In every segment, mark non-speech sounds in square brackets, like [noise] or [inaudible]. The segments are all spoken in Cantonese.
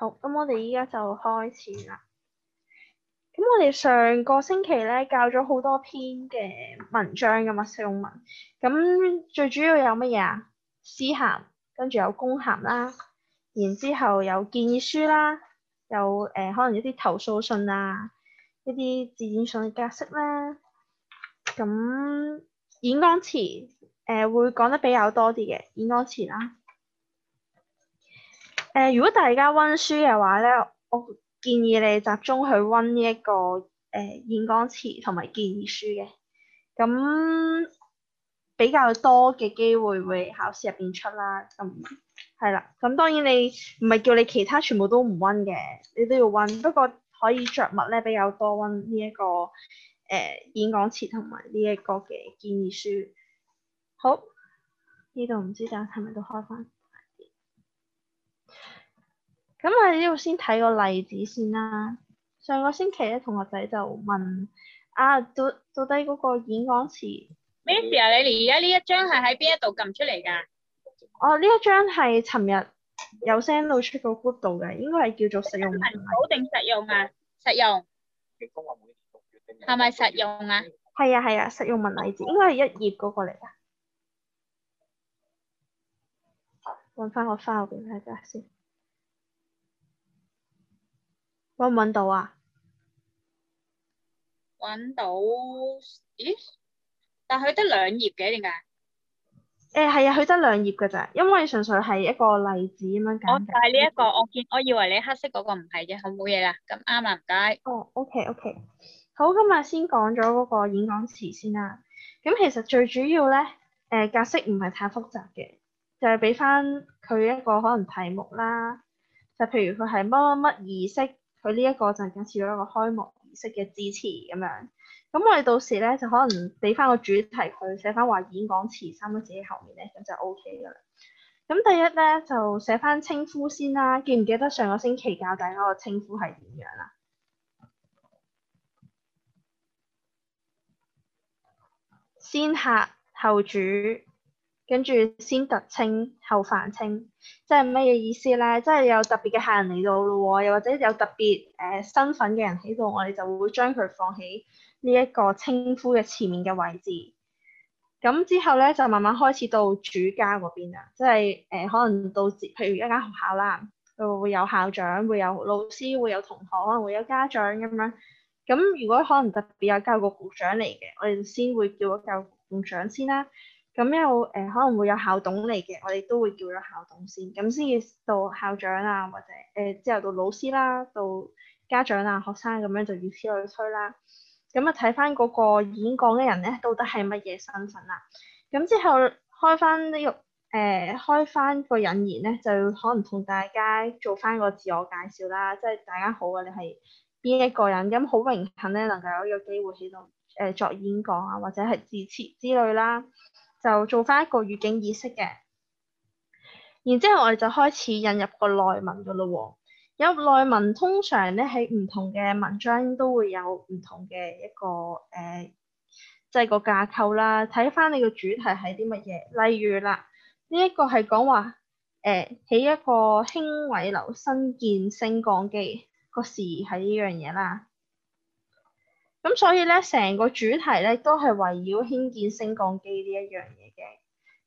好，咁我哋依家就開始啦。咁我哋上個星期咧教咗好多篇嘅文章嘅嘛，實用文。咁最主要有乜嘢啊？私函，跟住有公函啦，然之後有建議書啦，有誒、呃、可能一啲投訴信啊，一啲自薦信格式啦。咁演講詞誒會講得比較多啲嘅，演講詞啦。誒、呃，如果大家溫書嘅話咧，我建議你集中去溫呢一個誒、呃、演講詞同埋建議書嘅，咁比較多嘅機會會考試入邊出啦。咁係啦，咁當然你唔係叫你其他全部都唔溫嘅，你都要溫。不過可以着物咧比較多溫呢一個誒、呃、演講詞同埋呢一個嘅建議書。好，呢度唔知大家係咪都開翻？咁我哋呢度先睇個例子先啦。上個星期咧，同學仔就問：啊，到到底嗰個演講詞咩事啊？你而家呢一張係喺邊一度撳出嚟㗎？哦，呢一張係尋日有 send 露出個 group 度嘅，應該係叫做實用文好定實用啊？實用。係咪實用啊？係啊，係啊，實用文例子應該係一頁嗰個嚟㗎。揾翻個 file 邊睇下先。搵唔搵到啊？搵到？咦？但係佢得兩頁嘅，點解？誒係啊，佢得兩頁嘅咋，因為純粹係一個例子咁樣解。我就係呢一個，嗯、我見我以為你黑色嗰個唔係嘅，好冇嘢啦。咁啱啊，唔該。謝謝哦，OK，OK。Okay, okay. 好，今日先講咗嗰個演講詞先啦。咁其實最主要咧，誒格式唔係太複雜嘅，就係俾翻佢一個可能題目啦。就譬如佢係乜乜乜儀式。佢呢一個就僅次咗一個開幕儀式嘅致辭。咁樣，咁我哋到時咧就可能俾翻個主題，佢寫翻話演講辭三個字喺後面咧，咁就 OK 噶啦。咁第一咧就寫翻稱呼先啦，記唔記得上個星期教大家個稱呼係點樣啦、啊？先客後主。跟住先特稱後泛稱，即係咩嘢意思咧？即係有特別嘅客人嚟到咯，又或者有特別誒、呃、身份嘅人喺度，我哋就會將佢放喺呢一個稱呼嘅前面嘅位置。咁之後咧，就慢慢開始到主家嗰邊啦，即係誒、呃、可能到，譬如一間學校啦，佢會有校長，會有老師，會有同學，可能會有家長咁樣。咁如果可能特別有教育局長嚟嘅，我哋先會叫個教育局長先啦。咁有誒可能會有校董嚟嘅，我哋都會叫咗校董先，咁先至到校長啊，或者誒、呃、之後到老師啦、啊，到家長啊、學生咁、啊、樣就以此類推啦。咁啊睇翻嗰個演講嘅人咧，到底係乜嘢身份啦、啊？咁之後開翻呢、這個誒、呃、開翻個引言咧，就可能同大家做翻個自我介紹啦，即係大家好啊，你係邊一個人？咁好榮幸咧，能夠有一個機會喺度誒作演講啊，或者係致辭之類啦。就做翻一個預警意識嘅，然之後我哋就開始引入個內文噶啦喎。引入內文通常咧，喺唔同嘅文章都會有唔同嘅一個誒，即、呃、係、就是、個架構啦。睇翻你個主題係啲乜嘢，例如啦，呢、這個呃、一個係講話誒起一個輕軌樓新建升降機個事宜係呢樣嘢啦。咁所以咧，成個主題咧都係圍繞興建升降機呢一樣嘢嘅。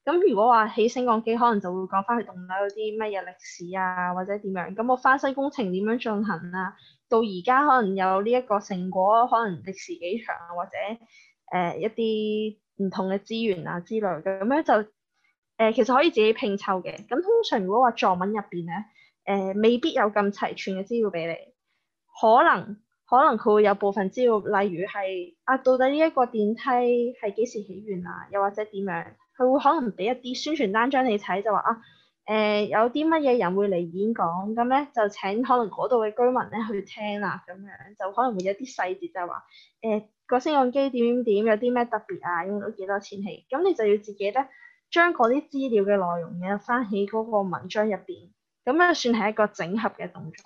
咁如果話起升降機，可能就會講翻去棟樓有啲乜嘢歷史啊，或者點樣？咁我翻新工程點樣進行啊？到而家可能有呢一個成果，可能歷時幾長啊，或者誒、呃、一啲唔同嘅資源啊之類嘅。咁樣就誒、呃，其實可以自己拼湊嘅。咁通常如果話作文入邊咧，誒、呃、未必有咁齊全嘅資料俾你，可能。可能佢會有部分資料，例如係啊，到底呢一個電梯係幾時起完啊？又或者點樣？佢會可能俾一啲宣傳單張你睇，就話啊，誒、呃、有啲乜嘢人會嚟演講，咁咧就請可能嗰度嘅居民咧去聽啦，咁樣就可能會有啲細節就係、是、話，誒個升降機點點點，有啲咩特別啊，用咗幾多錢起，咁你就要自己咧將嗰啲資料嘅內容嘅翻起嗰個文章入邊，咁樣算係一個整合嘅動作。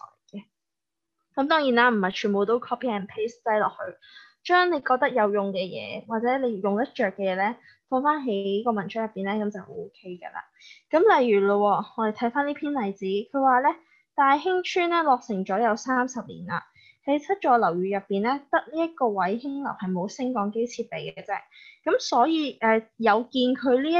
咁當然啦，唔係全部都 copy and paste 曬落去。將你覺得有用嘅嘢，或者你用得着嘅嘢咧，放翻喺個文章入邊咧，咁就 O K 噶啦。咁例如啦，我哋睇翻呢篇例子，佢話咧，大興邨咧落成咗有三十年啦，喺七座樓宇入邊咧，得呢一個位興樓係冇升降機設備嘅啫。咁所以誒、呃，有見佢呢一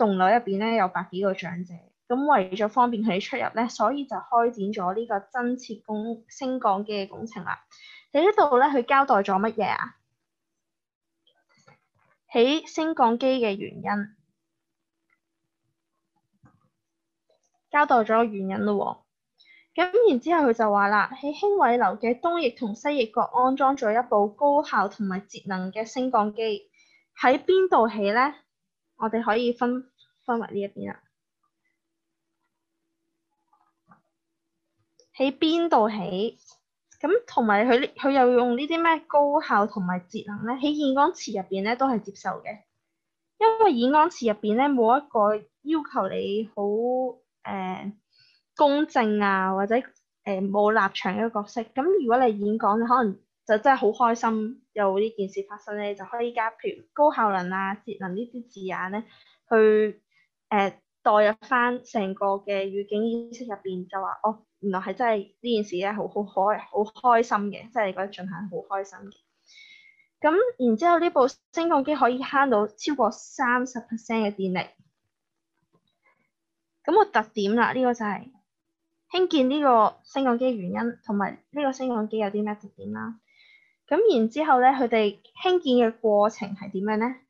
棟樓入邊咧，有百幾個長者。咁為咗方便佢哋出入咧，所以就開展咗呢個增設工升降機嘅工程啦。喺呢度咧，佢交代咗乜嘢啊？起升降機嘅原因，交代咗原因咯喎。咁然之後佢就話啦，喺興偉樓嘅東翼同西翼各安裝咗一部高效同埋節能嘅升降機。喺邊度起咧？我哋可以分分為呢一邊啦。喺邊度起？咁同埋佢呢？佢又用呢啲咩高效同埋節能咧？喺演講詞入邊咧都係接受嘅，因為演講詞入邊咧冇一個要求你好誒、呃、公正啊，或者誒冇、呃、立場嘅角色。咁如果你演講，可能就真係好開心，有呢件事發生咧，就可以加譬如高效能啊、節能呢啲字眼咧，去誒、呃、代入翻成個嘅語境意識入邊，就話哦。」原來係真係呢件事咧，好好開，好開心嘅，即係覺得進行好開心嘅。咁然之後呢部升降機可以慳到超過三十 percent 嘅電力。咁個特點啦，呢、這個就係、是、興建呢個升降機原因，同埋呢個升降機有啲咩特點啦？咁然之後咧，佢哋興建嘅過程係點樣咧？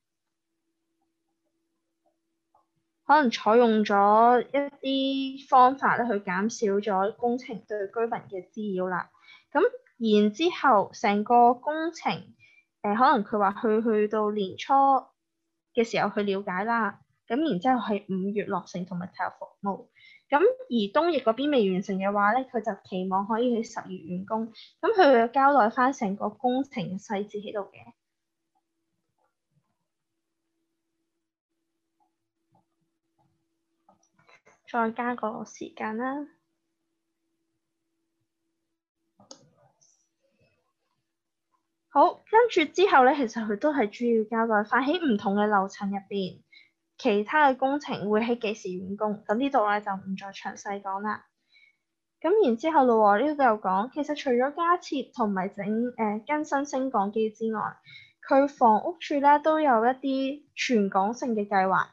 可能採用咗一啲方法咧，去減少咗工程對居民嘅滋擾啦。咁然之後，成個工程誒、呃，可能佢話去去到年初嘅時候去了解啦。咁然之後喺五月落成同埋投入服務。咁而東翼嗰邊未完成嘅話咧，佢就期望可以喺十月完工。咁佢會交代翻成個工程細節喺度嘅。再加個時間啦，好，跟住之後咧，其實佢都係主要交代翻起唔同嘅流程入邊，其他嘅工程會喺幾時完工，咁呢度咧就唔再詳細講啦。咁然之後嘞喎，呢度又講，其實除咗加設同埋整誒、呃、更新升降機之外，佢房屋處咧都有一啲全港性嘅計劃。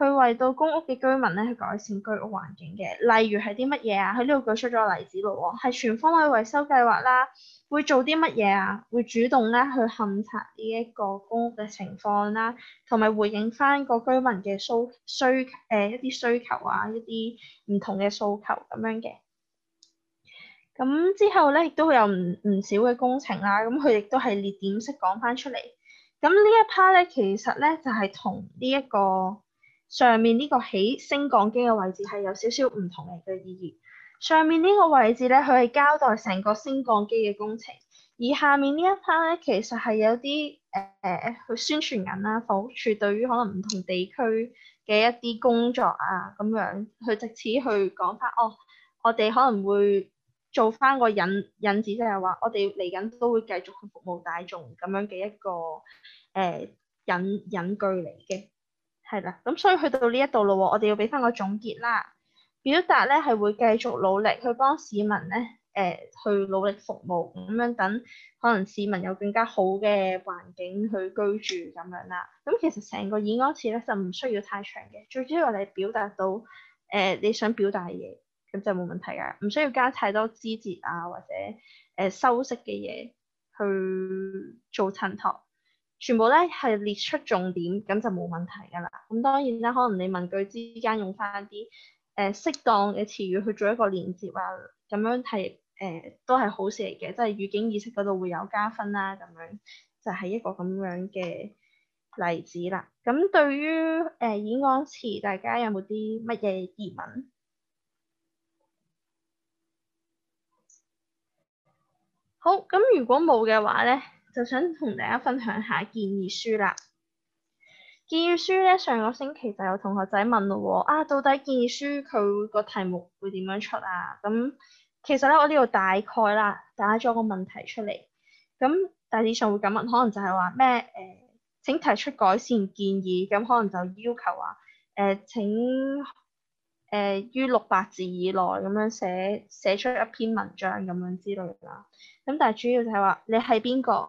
佢為到公屋嘅居民咧去改善居屋環境嘅，例如係啲乜嘢啊？佢呢度舉出咗例子咯喎，係全方位維修計劃啦，會做啲乜嘢啊？會主動咧去勘察呢一個公屋嘅情況啦，同埋回應翻個居民嘅訴需誒一啲需求啊，一啲唔同嘅訴求咁樣嘅。咁之後咧，亦都有唔唔少嘅工程啦。咁佢亦都係列點式講翻出嚟。咁呢一 part 咧，其實咧就係同呢一個。上面呢個起升降機嘅位置係有少少唔同嘅嘅意義。上面呢個位置咧，佢係交代成個升降機嘅工程，而下面呢一 part 咧，其實係有啲誒、呃、去宣傳緊啦。房屋署對於可能唔同地區嘅一啲工作啊，咁樣佢藉此去講翻，哦，我哋可能會做翻個引引子，即係話我哋嚟緊都會繼續去服務大眾咁樣嘅一個誒、呃、引引句嚟嘅。係啦，咁所以去到呢一度咯喎，我哋要俾翻個總結啦。表達咧係會繼續努力去幫市民咧，誒、呃、去努力服務，咁樣等可能市民有更加好嘅環境去居住咁樣啦。咁、嗯、其實成個演講詞咧就唔需要太長嘅，最主要係你表達到，誒、呃、你想表達嘅嘢，咁就冇問題噶，唔需要加太多枝節啊或者誒修飾嘅嘢去做襯托。全部咧係列出重點，咁就冇問題噶啦。咁當然啦，可能你問句之間用翻啲誒適當嘅詞語去做一個連結啊，咁樣係誒、呃、都係好事嚟嘅，即係語境意識嗰度會有加分啦。咁樣就係一個咁樣嘅例子啦。咁對於誒演講詞，大家有冇啲乜嘢疑問？好，咁如果冇嘅話咧。就想同大家分享下建議書啦。建議書咧，上個星期就有同學仔問咯喎，啊，到底建議書佢個題目會點樣出啊？咁其實咧，我呢度大概啦，打咗個問題出嚟。咁大致上會咁問，可能就係話咩？誒、呃，請提出改善建議。咁可能就要求話誒、呃，請誒、呃，於六百字以內咁樣寫寫出一篇文章咁樣之類啦。咁但係主要就係話你係邊個？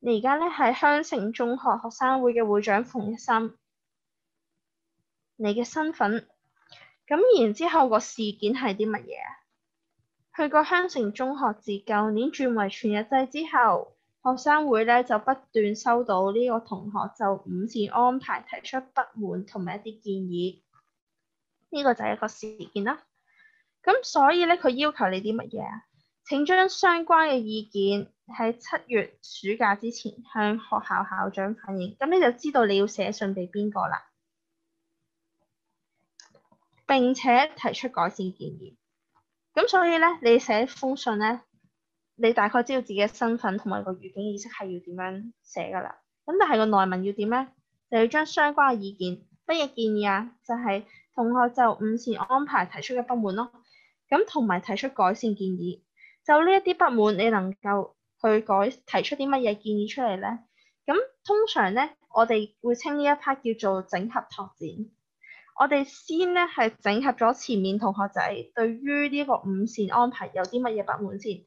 你而家咧係香城中學學生會嘅會長馮一心，你嘅身份。咁然之後個事件係啲乜嘢啊？去過香城中學自舊年轉為全日制之後，學生會咧就不斷收到呢個同學就五次安排提出不滿同埋一啲建議。呢、呢個就係一個事件啦。咁所以咧，佢要求你啲乜嘢啊？請將相關嘅意見喺七月暑假之前向學校校長反映，咁你就知道你要寫信俾邊個啦。並且提出改善建議，咁所以咧，你寫封信咧，你大概知道自己嘅身份同埋個語境意識係要點樣寫噶啦。咁但係個內文要點咧？就要將相關嘅意見，乜嘢建議啊？就係、是、同學就午膳安排提出嘅不滿咯，咁同埋提出改善建議。就呢一啲不滿，你能夠去改提出啲乜嘢建議出嚟咧？咁通常咧，我哋會稱呢一 part 叫做整合拓展。我哋先咧係整合咗前面同學仔對於呢個五線安排有啲乜嘢不滿先，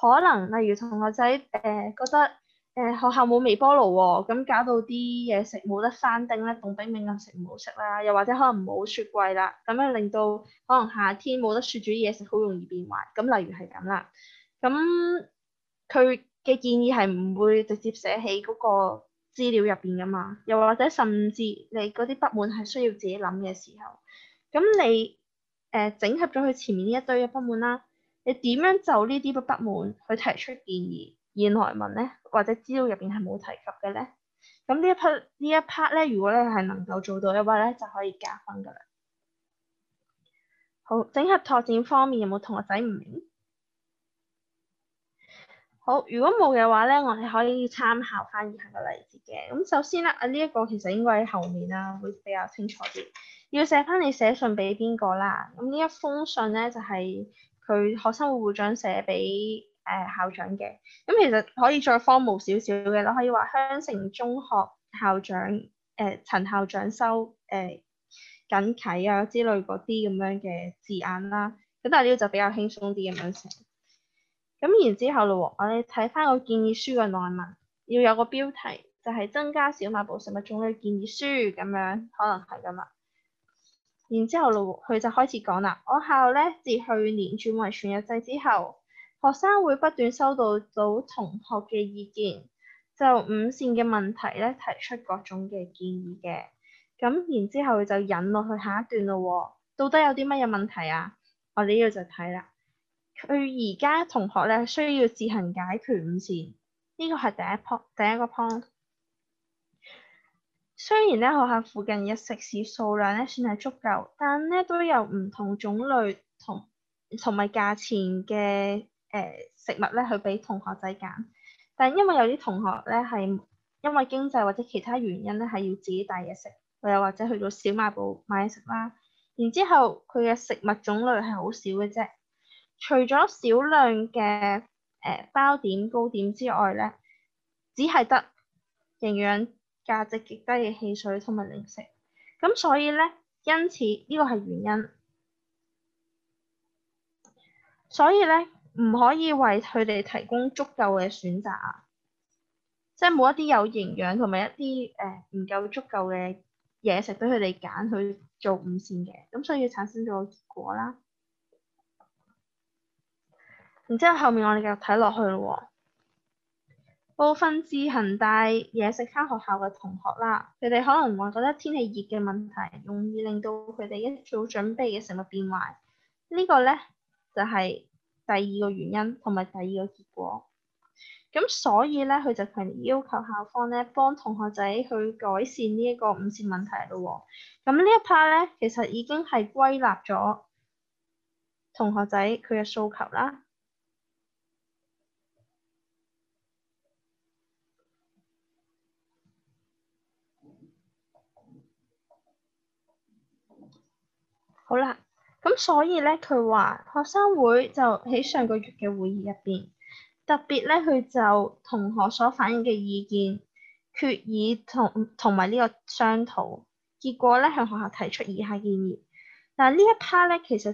可能例如同學仔誒、呃、覺得。誒學校冇微波爐喎、哦，咁搞到啲嘢食冇得返叮咧，凍冰冰咁食唔好食啦。又或者可能唔好雪櫃啦，咁樣令到可能夏天冇得雪住啲嘢食，好容易變壞。咁例如係咁啦，咁佢嘅建議係唔會直接寫喺嗰個資料入邊㗎嘛。又或者甚至你嗰啲不滿係需要自己諗嘅時候，咁你誒整合咗佢前面呢一堆嘅不滿啦，你點樣就呢啲嘅不滿去提出建議？現代文咧，或者資料入邊係冇提及嘅咧，咁呢一,一 part 呢一 part 咧，如果咧係能夠做到嘅話咧，就可以加分噶啦。好，整合拓展方面有冇同學仔唔明？好，如果冇嘅話咧，我哋可以參考翻以下嘅例子嘅。咁首先啦，啊呢一個其實應該喺後面啦，會比較清楚啲。要寫翻你寫信俾邊個啦？咁呢一封信咧就係、是、佢學生會會長寫俾。誒校長嘅，咁其實可以再荒謬少少嘅啦，可以話香城中學校長誒、呃、陳校長收誒謹、呃、啟啊之類嗰啲咁樣嘅字眼啦，咁但係呢個就比較輕鬆啲咁樣寫。咁然之後嘞，我哋睇翻個建議書嘅內文，要有個標題，就係、是、增加小賣部食物種類建議書咁樣，可能係咁啦。然之後嘞，佢就開始講啦，我校呢自去年轉為全日制之後。學生會不斷收到到同學嘅意見，就五線嘅問題咧提出各種嘅建議嘅，咁然之後就引落去下一段咯喎、哦。到底有啲乜嘢問題啊？我哋呢度就睇啦。佢而家同學咧需要自行解決五線，呢、呢個係第一第一個 point。雖然咧學校附近嘅食肆數量咧算係足夠，但咧都有唔同種類同同埋價錢嘅。誒，食物咧，去俾同學仔揀，但因為有啲同學咧係因為經濟或者其他原因咧係要自己帶嘢食，又或者去到小賣部買嘢食啦。然之後佢嘅食物種類係好少嘅啫，除咗少量嘅誒、呃、包點糕點之外咧，只係得營養價值極低嘅汽水同埋零食。咁所以咧，因此呢、這個係原因，所以咧。唔可以為佢哋提供足夠嘅選擇啊！即係冇一啲有營養同埋一啲誒唔夠足夠嘅嘢食俾佢哋揀去做午膳嘅，咁所以產生咗結果啦。然之後後面我哋就睇落去咯，部分自行帶嘢食翻學校嘅同學啦，佢哋可能話覺得天氣熱嘅問題，容易令到佢哋一早準備嘅食物變壞。這個、呢個咧就係、是。第二個原因同埋第二個結果，咁所以咧，佢就強烈要求校方咧，幫同學仔去改善呢一個誤設問題咯喎、哦。咁呢一 part 咧，其實已經係歸納咗同學仔佢嘅訴求啦。好啦。咁所以咧，佢話學生會就喺上個月嘅會議入邊，特別咧，佢就同學所反映嘅意見決議同同埋呢個商討，結果咧向學校提出以下建議。嗱，呢一 part 咧，其實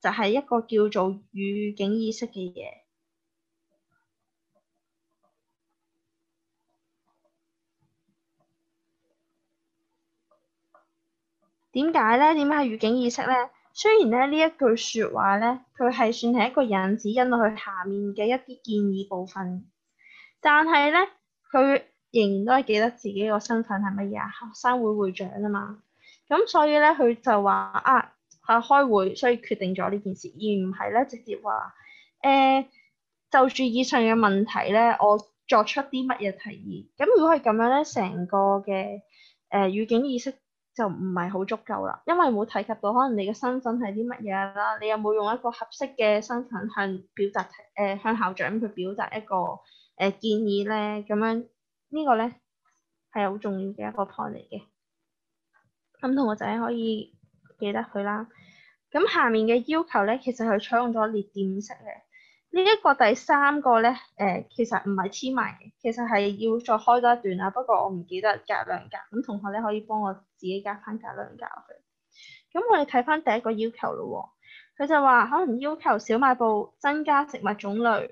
就係一個叫做預警意識嘅嘢。點解咧？點解係預警意識咧？雖然咧呢一句説話咧，佢係算係一個引子，引到佢下面嘅一啲建議部分。但係咧，佢仍然都係記得自己個身份係乜嘢啊？學生會會長啊嘛。咁所以咧，佢就話啊，係開會所以決定咗呢件事，而唔係咧直接話誒、呃、就住以上嘅問題咧，我作出啲乜嘢提議。咁如果係咁樣咧，成個嘅誒、呃、語境意識。就唔係好足夠啦，因為冇提及到可能你嘅身份係啲乜嘢啦，你有冇用一個合適嘅身份向表達誒、呃、向校長去表達一個誒、呃、建議咧？咁樣、這個、呢個咧係好重要嘅一個 point 嚟嘅，咁同學仔可以記得佢啦。咁下面嘅要求咧，其實佢採用咗列點式嘅。呢一個第三個咧，誒、呃，其實唔係黐埋，其實係要再開多一段啦。不過我唔記得隔兩格，咁同學咧可以幫我自己加翻隔兩格落去。咁我哋睇翻第一個要求咯喎、哦，佢就話可能要求小賣部增加食物種類，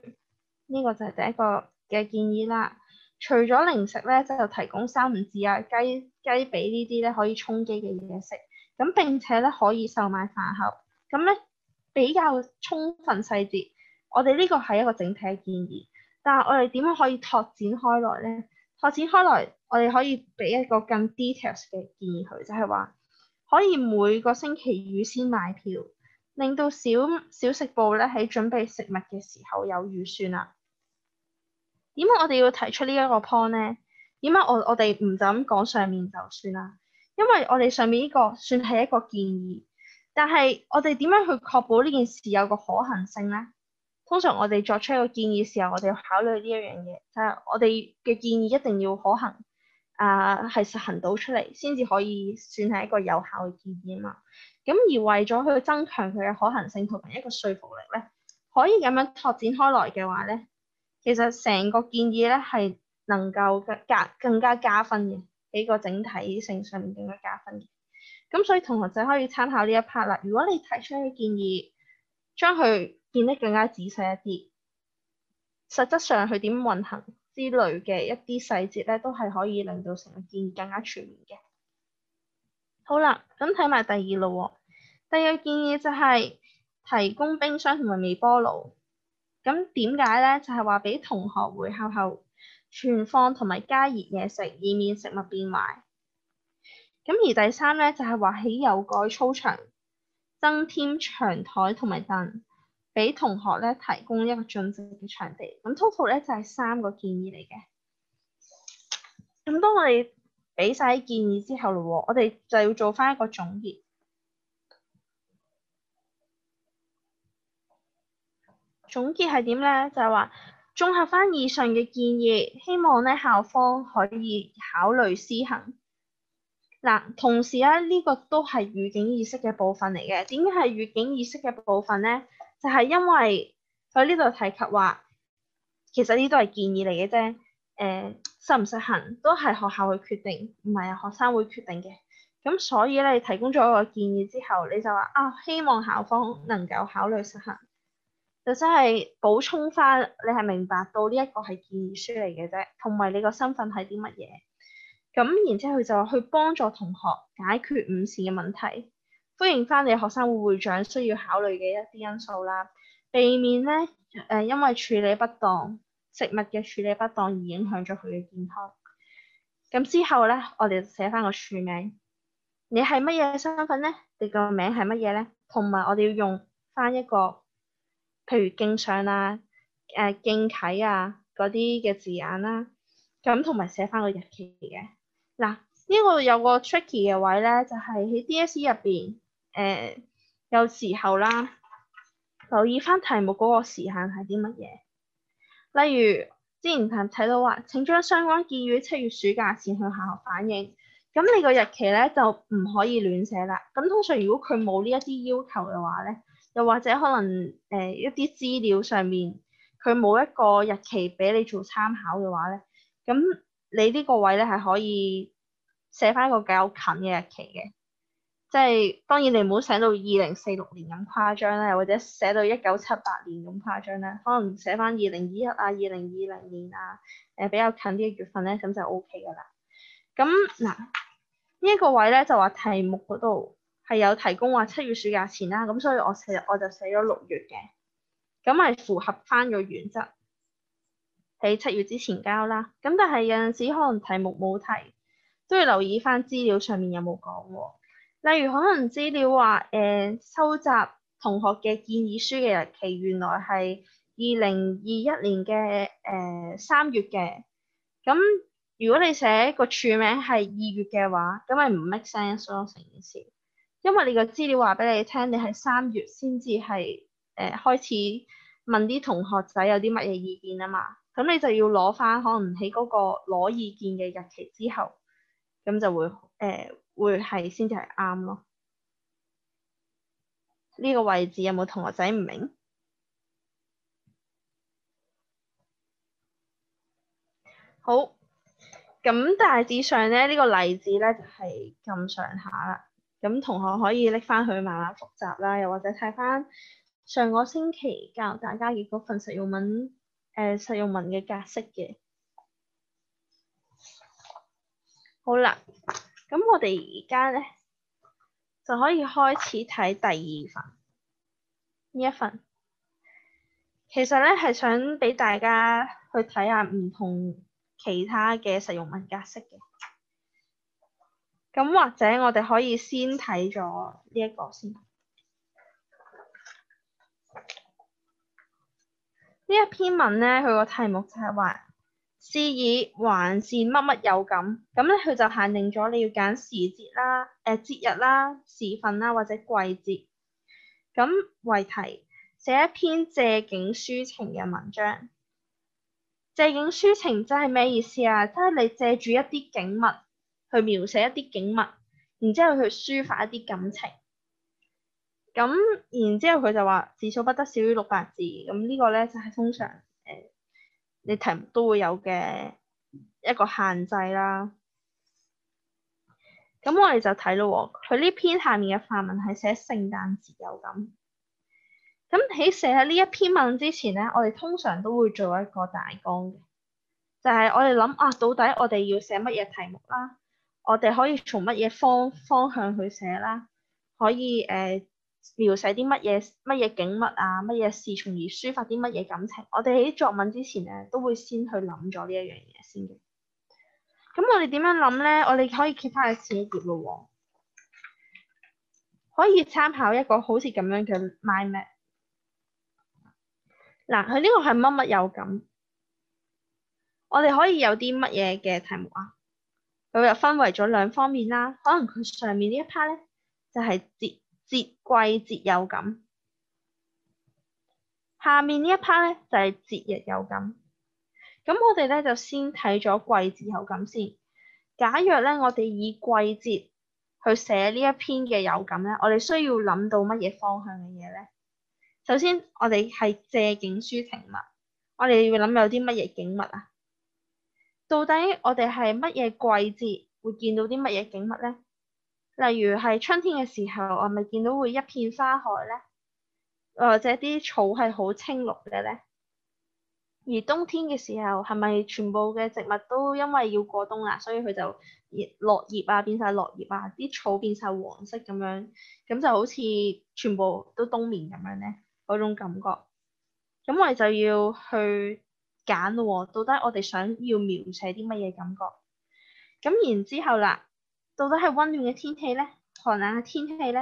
呢、這個就係第一個嘅建議啦。除咗零食咧，就提供三文治啊雞雞髀呢啲咧可以充飢嘅嘢食，咁並且咧可以售賣飯盒，咁咧比較充分細節。我哋呢個係一個整體嘅建議，但係我哋點樣可以拓展開來咧？拓展開來，我哋可以俾一個更 details 嘅建議，佢就係話可以每個星期預先買票，令到小小食部咧喺準備食物嘅時候有預算啦。點解我哋要提出呢一個 point 咧？點解我我哋唔就咁講上面就算啦？因為我哋上面呢個算係一個建議，但係我哋點樣去確保呢件事有個可行性咧？通常我哋作出一個建議嘅時候，我哋要考慮呢一樣嘢就係，是，我哋嘅建議一定要可行啊，係，呃，實行到出嚟先至可以算係一個有效嘅建議啊嘛。咁，嗯、而為咗去增強佢嘅可行性同埋一個說服力咧，可以咁樣拓展開來嘅話咧，其實成個建議咧係能夠更加更加加分嘅，喺個整體性上面更加加分嘅。咁，嗯、所以同學仔可以參考呢一 part 啦。如果你提出嘅建議將佢將見得更加仔細一啲，實質上佢點運行之類嘅一啲細節咧，都係可以令到成個建議更加全面嘅。好啦，咁睇埋第二路喎。第二個建議就係提供冰箱同埋微波爐。咁點解咧？就係話俾同學回校後存放同埋加熱嘢食，以免食物變壞。咁而第三咧，就係話喺有改操場增添長台同埋凳。俾同學咧提供一個進展嘅場地。咁 total 咧就係、是、三個建議嚟嘅。咁當我哋俾曬建議之後咯，我哋就要做翻一個總結。總結係點咧？就係話綜合翻以上嘅建議，希望咧校方可以考慮施行。嗱，同時咧、啊、呢、這個都係預警意識嘅部分嚟嘅。點解係預警意識嘅部分咧？就係因為佢呢度提及話，其實呢都係建議嚟嘅啫。誒、呃，實唔實行都係學校去決定，唔係學生會決定嘅。咁所以咧，提供咗個建議之後，你就話啊，希望校方能夠考慮實行。就真係補充翻，你係明白到呢一個係建議書嚟嘅啫，同埋你個身份係啲乜嘢。咁然之後佢就去幫助同學解決午膳嘅問題。歡迎翻你學生會會長需要考慮嘅一啲因素啦，避免咧誒、呃、因為處理不當食物嘅處理不當而影響咗佢嘅健康。咁之後咧，我哋寫翻個署名，你係乜嘢身份咧？你個名係乜嘢咧？同埋我哋要用翻一個，譬如敬上啊、誒、呃、敬啟啊嗰啲嘅字眼啦、啊。咁同埋寫翻個日期嘅。嗱呢、呢個有個 tricky 嘅位咧，就係喺 DSE 入邊。誒、呃，有時候啦，留意翻題目嗰個時限係啲乜嘢。例如之前睇到話，請將相關建議於七月暑假前向學校反映。咁你個日期咧就唔可以亂寫啦。咁通常如果佢冇呢一啲要求嘅話咧，又或者可能誒、呃、一啲資料上面佢冇一個日期俾你做參考嘅話咧，咁你呢個位咧係可以寫翻個較近嘅日期嘅。即係當然你唔好寫到二零四六年咁誇張咧，或者寫到一九七八年咁誇張咧，可能寫翻二零二一啊、二零二零年啊，誒、呃、比較近啲嘅月份咧，咁就 OK 噶啦。咁嗱，呢一、這個位咧就話題目嗰度係有提供話七月暑假前啦，咁所以我寫我就寫咗六月嘅，咁係符合翻個原則喺七月之前交啦。咁但係有陣時可能題目冇提，都要留意翻資料上面有冇講喎。例如可能資料話，誒、呃、收集同學嘅建議書嘅日期原來係二零二一年嘅誒三月嘅，咁如果你寫個署名係二月嘅話，咁咪唔 make sense 咯成件事，因為你個資料話俾你聽，你係三月先至係誒開始問啲同學仔有啲乜嘢意見啊嘛，咁你就要攞翻可能喺嗰個攞意見嘅日期之後，咁就會誒。呃會係先至係啱咯。呢個位置有冇同學仔唔明？好，咁大致上咧，呢個例子咧就係咁上下啦。咁同學可以拎翻去慢慢複習啦，又或者睇翻上個星期教大家嘅嗰份實用文，誒實用文嘅格式嘅。好啦。咁我哋而家咧就可以開始睇第二份呢一份，其實咧係想俾大家去睇下唔同其他嘅實用文格式嘅。咁或者我哋可以先睇咗呢一個先。呢一篇文咧，佢個題目就係話，還是以環是乜乜有感，咁咧佢就限定咗你要揀時節啦、誒、呃、節日啦、時分啦或者季節，咁為題寫一篇借景抒情嘅文章。借景抒情真係咩意思啊？即、就、係、是、你借住一啲景物去描寫一啲景物，然之後去抒發一啲感情。咁然之後佢就話字數不得少於六百字，咁呢個咧就係、是、通常。你題目都會有嘅一個限制啦。咁我哋就睇咯，佢呢篇下面嘅範文係寫聖誕節有感。咁喺寫喺呢一篇文之前咧，我哋通常都會做一個大綱嘅，就係、是、我哋諗啊，到底我哋要寫乜嘢題目啦？我哋可以從乜嘢方方向去寫啦？可以誒？呃描寫啲乜嘢乜嘢景物啊，乜嘢事，從而抒發啲乜嘢感情。我哋喺作文之前咧，都會先去諗咗呢一樣嘢先嘅。咁我哋點樣諗咧？我哋可以揭 e e p 翻去前一頁咯喎，哦，可以參考一個好似咁樣嘅 m i n 嗱，佢呢，這個係乜乜有感？我哋可以有啲乜嘢嘅題目啊？佢又分為咗兩方面啦。可能佢上面一呢一 part 咧就係節。節季節有感，下面呢一 part 咧就係節日有感。咁我哋咧就先睇咗季節有感先。假若咧我哋以季節去寫呢一篇嘅有感咧，我哋需要諗到乜嘢方向嘅嘢咧？首先，我哋係借景抒情物，我哋要諗有啲乜嘢景物啊？到底我哋係乜嘢季節會見到啲乜嘢景物咧？例如係春天嘅時候，我咪見到會一片花海咧，或者啲草係好青綠嘅咧。而冬天嘅時候，係咪全部嘅植物都因為要過冬啦、啊，所以佢就落葉落葉啊，變晒落葉啊，啲草變晒黃色咁樣，咁就好似全部都冬眠咁樣咧嗰種感覺。咁我哋就要去揀喎、哦，到底我哋想要描寫啲乜嘢感覺？咁然之後啦。到底係溫暖嘅天氣咧，寒冷嘅天氣咧，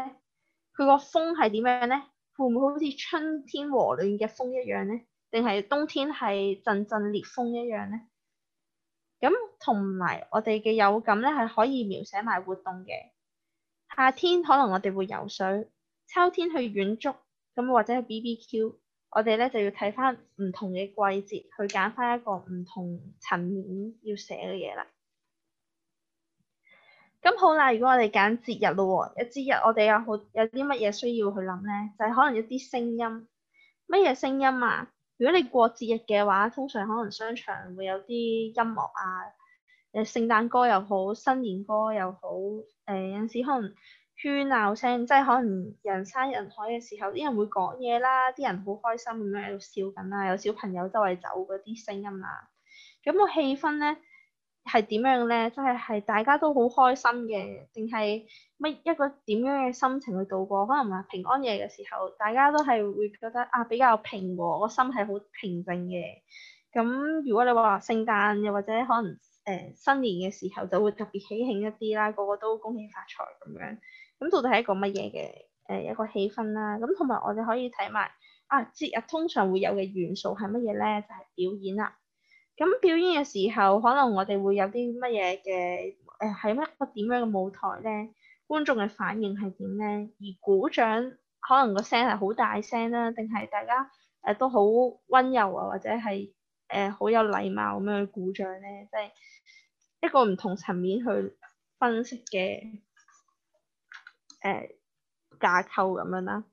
佢個風係點樣咧？會唔會好似春天和暖嘅風一樣咧？定係冬天係陣陣烈風一樣咧？咁同埋我哋嘅有感咧，係可以描寫埋活動嘅。夏天可能我哋會游水，秋天去遠足，咁或者係 BBQ，我哋咧就要睇翻唔同嘅季節，去揀翻一個唔同層面要寫嘅嘢啦。咁好啦，如果我哋揀節日咯喎，節日我哋有好有啲乜嘢需要去諗咧？就係、是、可能一啲聲音，乜嘢聲音啊？如果你過節日嘅話，通常可能商場會有啲音樂啊，誒聖誕歌又好，新年歌又好，誒、呃、有陣時可能喧鬧聲，即係可能人山人海嘅時候，啲人會講嘢啦，啲人好開心咁樣喺度笑緊啦，有小朋友周圍走嗰啲聲音啊，咁、那個氣氛咧。係點樣咧？即係係大家都好開心嘅，定係乜一個點樣嘅心情去度過？可能話平安夜嘅時候，大家都係會覺得啊比較平和，個心係好平靜嘅。咁如果你話聖誕又或者可能誒、呃、新年嘅時候，就會特別喜慶一啲啦，個個都恭喜發財咁樣。咁到底係一個乜嘢嘅誒一個氣氛啦？咁同埋我哋可以睇埋啊節日通常會有嘅元素係乜嘢咧？就係、是、表演啦。咁表演嘅時候，可能我哋會有啲乜嘢嘅誒係一個點樣嘅舞台咧？觀眾嘅反應係點咧？而鼓掌可能個聲係好大聲啦，定係大家誒都好溫柔啊，或者係誒好有禮貌咁樣去鼓掌咧？即係一個唔同層面去分析嘅誒架構咁樣啦。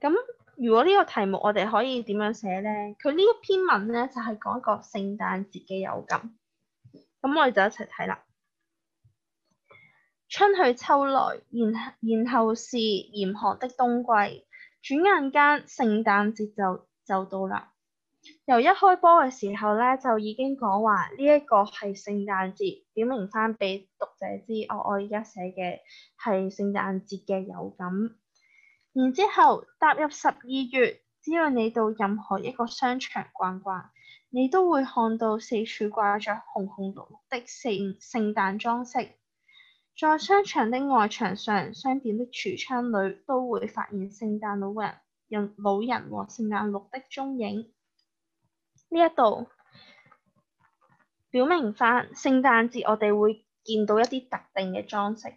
咁。如果呢個題目我哋可以點樣寫呢？佢呢一篇文呢，就係、是、講一個聖誕節嘅有感，咁我哋就一齊睇啦。春去秋來，然然後是嚴寒的冬季，轉眼間聖誕節就就到啦。由一開波嘅時候呢，就已經講話呢一、這個係聖誕節，表明翻俾讀者知。我我而家寫嘅係聖誕節嘅有感。然之後踏入十二月，只要你到任何一個商場逛逛，你都會看到四處掛著紅紅綠綠的聖聖聖誕裝飾，在商場的外牆上、商店的櫥窗裏，都會發現聖誕老人、老人和聖誕鹿的蹤影。呢一度表明翻聖誕節，我哋會見到一啲特定嘅裝飾。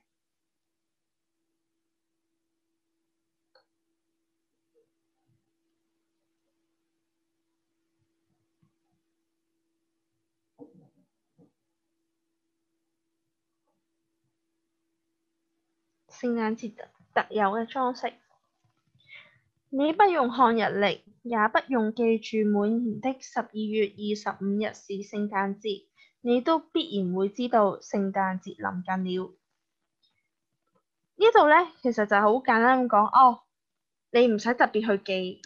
聖誕節特有嘅裝飾，你不用看日曆，也不用記住每年的十二月二十五日是聖誕節，你都必然會知道聖誕節臨近了。呢度呢，其實就好簡單咁講哦，你唔使特別去記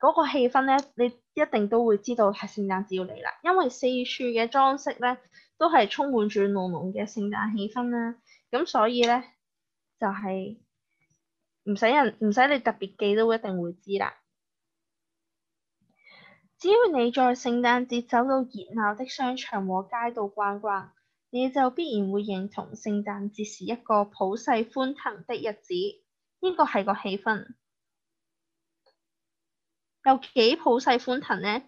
嗰個氣氛呢，你一定都會知道係聖誕節要嚟啦。因為四處嘅裝飾呢，都係充滿住濃濃嘅聖誕氣氛啦，啊，咁所以呢。就係唔使人，唔使你特別記都一定會知啦。只要你在聖誕節走到熱鬧的商場和街道逛逛，你就必然會認同聖誕節是一個普世歡騰的日子。呢個係個氣氛，有幾普世歡騰呢？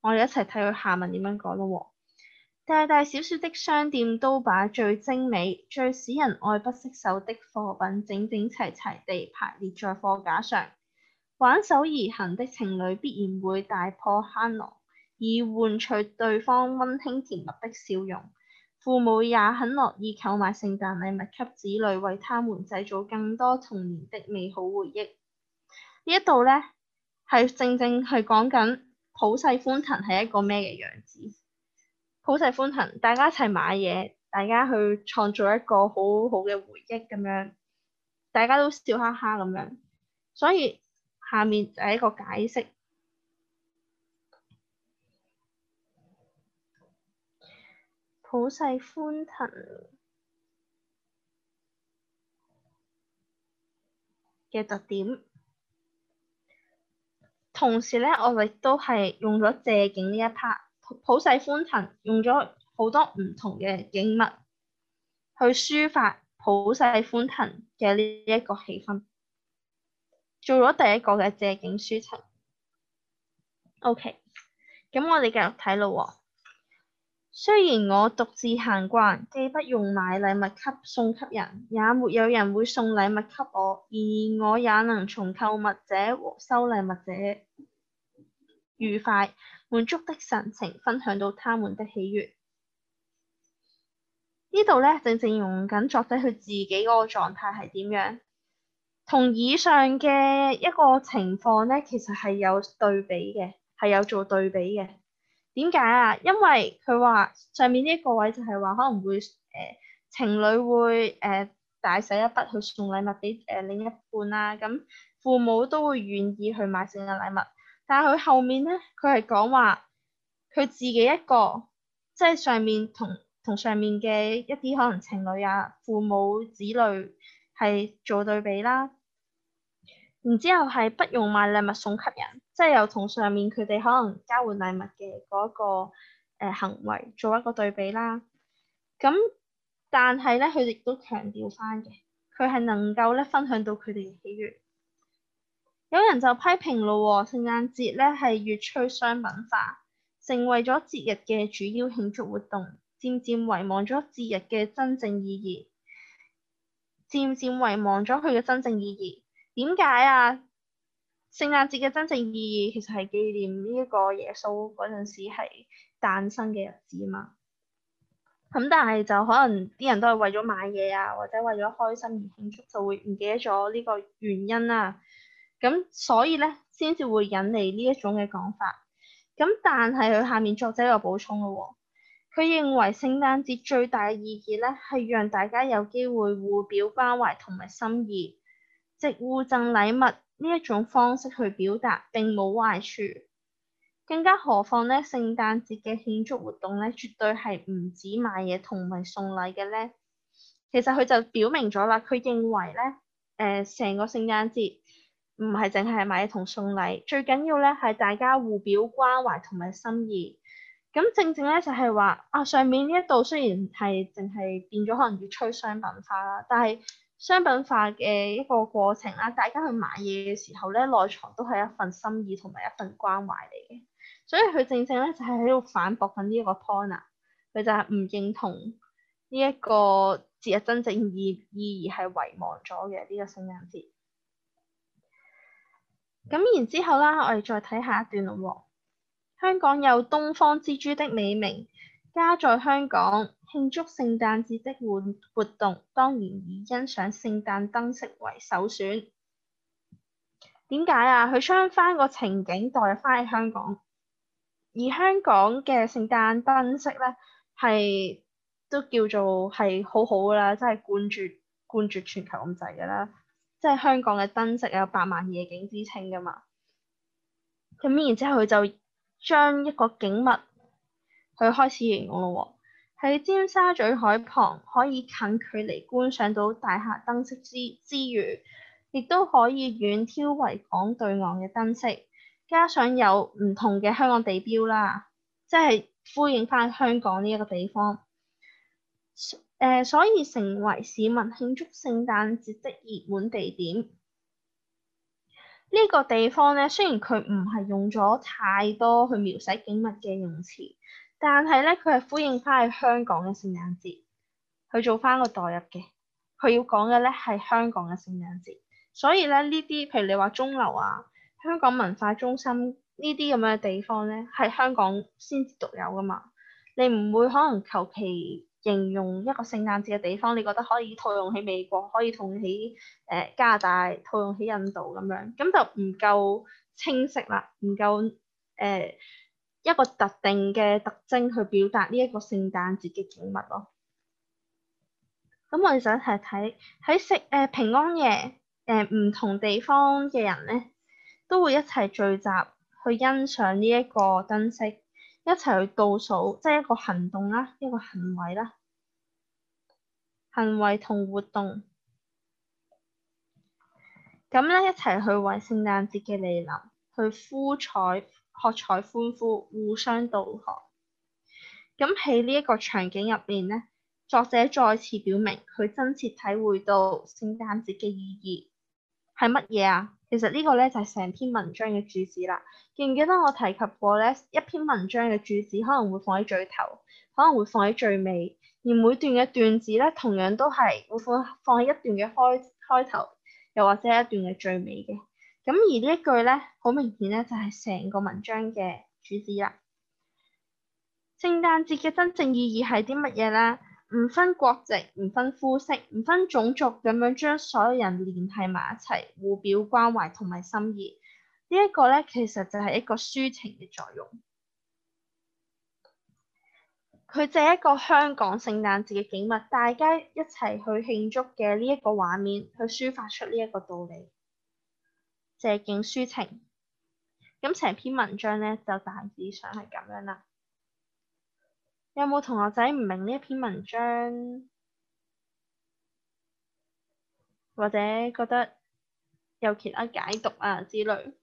我哋一齊睇佢下文點樣講咯喎。大大小小的商店都把最精美、最使人愛不釋手的貨品整整齊齊地排列在貨架上。挽手而行的情侶必然會大破慳囊，以換取對方温馨甜蜜的笑容。父母也很樂意購買聖誕禮物給子女，為他們製造更多童年的美好回憶。呢一度呢，係正正係講緊普世歡騰係一個咩嘅樣子。好世歡騰，大家一齊買嘢，大家去創造一個好好嘅回憶咁樣，大家都笑哈哈咁樣，所以下面就係一個解釋，好世歡騰嘅特點。同時呢，我哋都係用咗借景呢一 part。普世歡騰，用咗好多唔同嘅景物去抒發普世歡騰嘅呢一個氣氛，做咗第一個嘅借景抒情。OK，咁我哋繼續睇咯。雖然我獨自行慣，既不用買禮物給送給人，也沒有人會送禮物給我，而我也能從購物者和收禮物者。愉快滿足的神情，分享到他們的喜悅。呢度呢正正形容緊作者佢自己嗰個狀態係點樣，同以上嘅一個情況呢，其實係有對比嘅，係有做對比嘅。點解啊？因為佢話上面呢一個位就係話可能會、呃、情侶會大、呃、洗一筆去送禮物畀、呃、另一半啦、啊，咁父母都會願意去買生日禮物。但佢後面咧，佢係講話佢自己一個，即係上面同同上面嘅一啲可能情侶啊、父母子女係做對比啦。然之後係不用買禮物送給人，即係又同上面佢哋可能交換禮物嘅嗰個誒行為做一個對比啦。咁但係咧，佢亦都強調翻嘅，佢係能夠咧分享到佢哋嘅喜悅。有人就批評啦喎，聖誕節呢係越趨商品化，成為咗節日嘅主要慶祝活動，漸漸遺忘咗節日嘅真正意義，漸漸遺忘咗佢嘅真正意義。點解啊？聖誕節嘅真正意義其實係紀念呢一個耶穌嗰陣時係誕生嘅日子嘛。咁但係就可能啲人都係為咗買嘢啊，或者為咗開心而慶祝，就會唔記得咗呢個原因啦、啊。咁所以呢，先至會引嚟呢一種嘅講法。咁但係佢下面作者有補充咯喎，佢認為聖誕節最大嘅意義呢，係讓大家有機會互表關懷同埋心意，藉互贈禮物呢一種方式去表達並冇壞處。更加何況呢？聖誕節嘅慶祝活動呢，絕對係唔止買嘢同埋送禮嘅呢。其實佢就表明咗啦，佢認為呢，誒、呃、成個聖誕節。唔係淨係買嘢同送禮，最緊要咧係大家互表關懷同埋心意。咁正正咧就係話啊，上面呢一度雖然係淨係變咗可能越趨商品化啦，但係商品化嘅一個過程啦，大家去買嘢嘅時候咧，內藏都係一份心意同埋一份關懷嚟嘅。所以佢正正咧就係喺度反駁緊呢一個 point 啊，佢就係唔認同呢一個節日真正意意義係遺忘咗嘅呢個聖誕節。咁然之後啦，我哋再睇下一段咯。香港有東方之珠的美名，家在香港慶祝聖誕節的活活動，當然以欣賞聖誕燈飾為首選。點解啊？佢將翻個情景代翻香港，而香港嘅聖誕燈飾咧，係都叫做係好好啦，真係冠絕冠絕全球咁滯噶啦。即係香港嘅燈飾有百萬夜景之稱㗎嘛，咁然之後佢就將一個景物佢開始形容咯喎，喺尖沙咀海旁可以近距離觀賞到大廈燈飾之之餘，亦都可以遠眺維港對岸嘅燈飾，加上有唔同嘅香港地標啦，即係呼應返香港呢一個地方。誒、呃，所以成為市民慶祝聖誕節的熱門地點。呢、個地方咧，雖然佢唔係用咗太多去描寫景物嘅用詞，但係咧，佢係呼應翻係香港嘅聖誕節去做翻個代入嘅。佢要講嘅咧係香港嘅聖誕節，所以咧呢啲，譬如你話鐘樓啊、香港文化中心呢啲咁嘅地方咧，係香港先至獨有噶嘛。你唔會可能求其。形容一個聖誕節嘅地方，你覺得可以套用喺美國，可以套用喺、呃、加拿大，套用喺印度咁樣，咁就唔夠清晰啦，唔夠誒一個特定嘅特徵去表達呢一個聖誕節嘅景物咯。咁我哋想一齊睇喺聖誒平安夜誒唔、呃、同地方嘅人咧，都會一齊聚集去欣賞呢一個燈飾。一齊去倒數，即係一個行動啦，一個行為啦，行為同活動。咁咧，一齊去為聖誕節嘅來臨去呼彩、喝彩、歡呼，互相道賀。咁喺呢一個場景入面咧，作者再次表明佢真切體會到聖誕節嘅意義。係乜嘢啊？其實呢個咧就係成篇文章嘅主旨啦。記唔記得我提及過咧？一篇文章嘅主旨可能會放喺最頭，可能會放喺最尾。而每段嘅段子咧，同樣都係會放放喺一段嘅開開頭，又或者一段嘅最尾嘅。咁而呢一句咧，好明顯咧，就係成個文章嘅主旨啦。聖誕節嘅真正意義係啲乜嘢咧？唔分國籍，唔分膚色，唔分種族，咁樣將所有人聯繫埋一齊，互表關懷同埋心意。呢一個呢，其實就係一個抒情嘅作用。佢借一個香港聖誕節嘅景物，大家一齊去慶祝嘅呢一個畫面，去抒發出呢一個道理。借景抒情。咁成篇文章呢，就大致上係咁樣啦。有冇同學仔唔明呢一篇文章，或者覺得有其他解讀啊之類？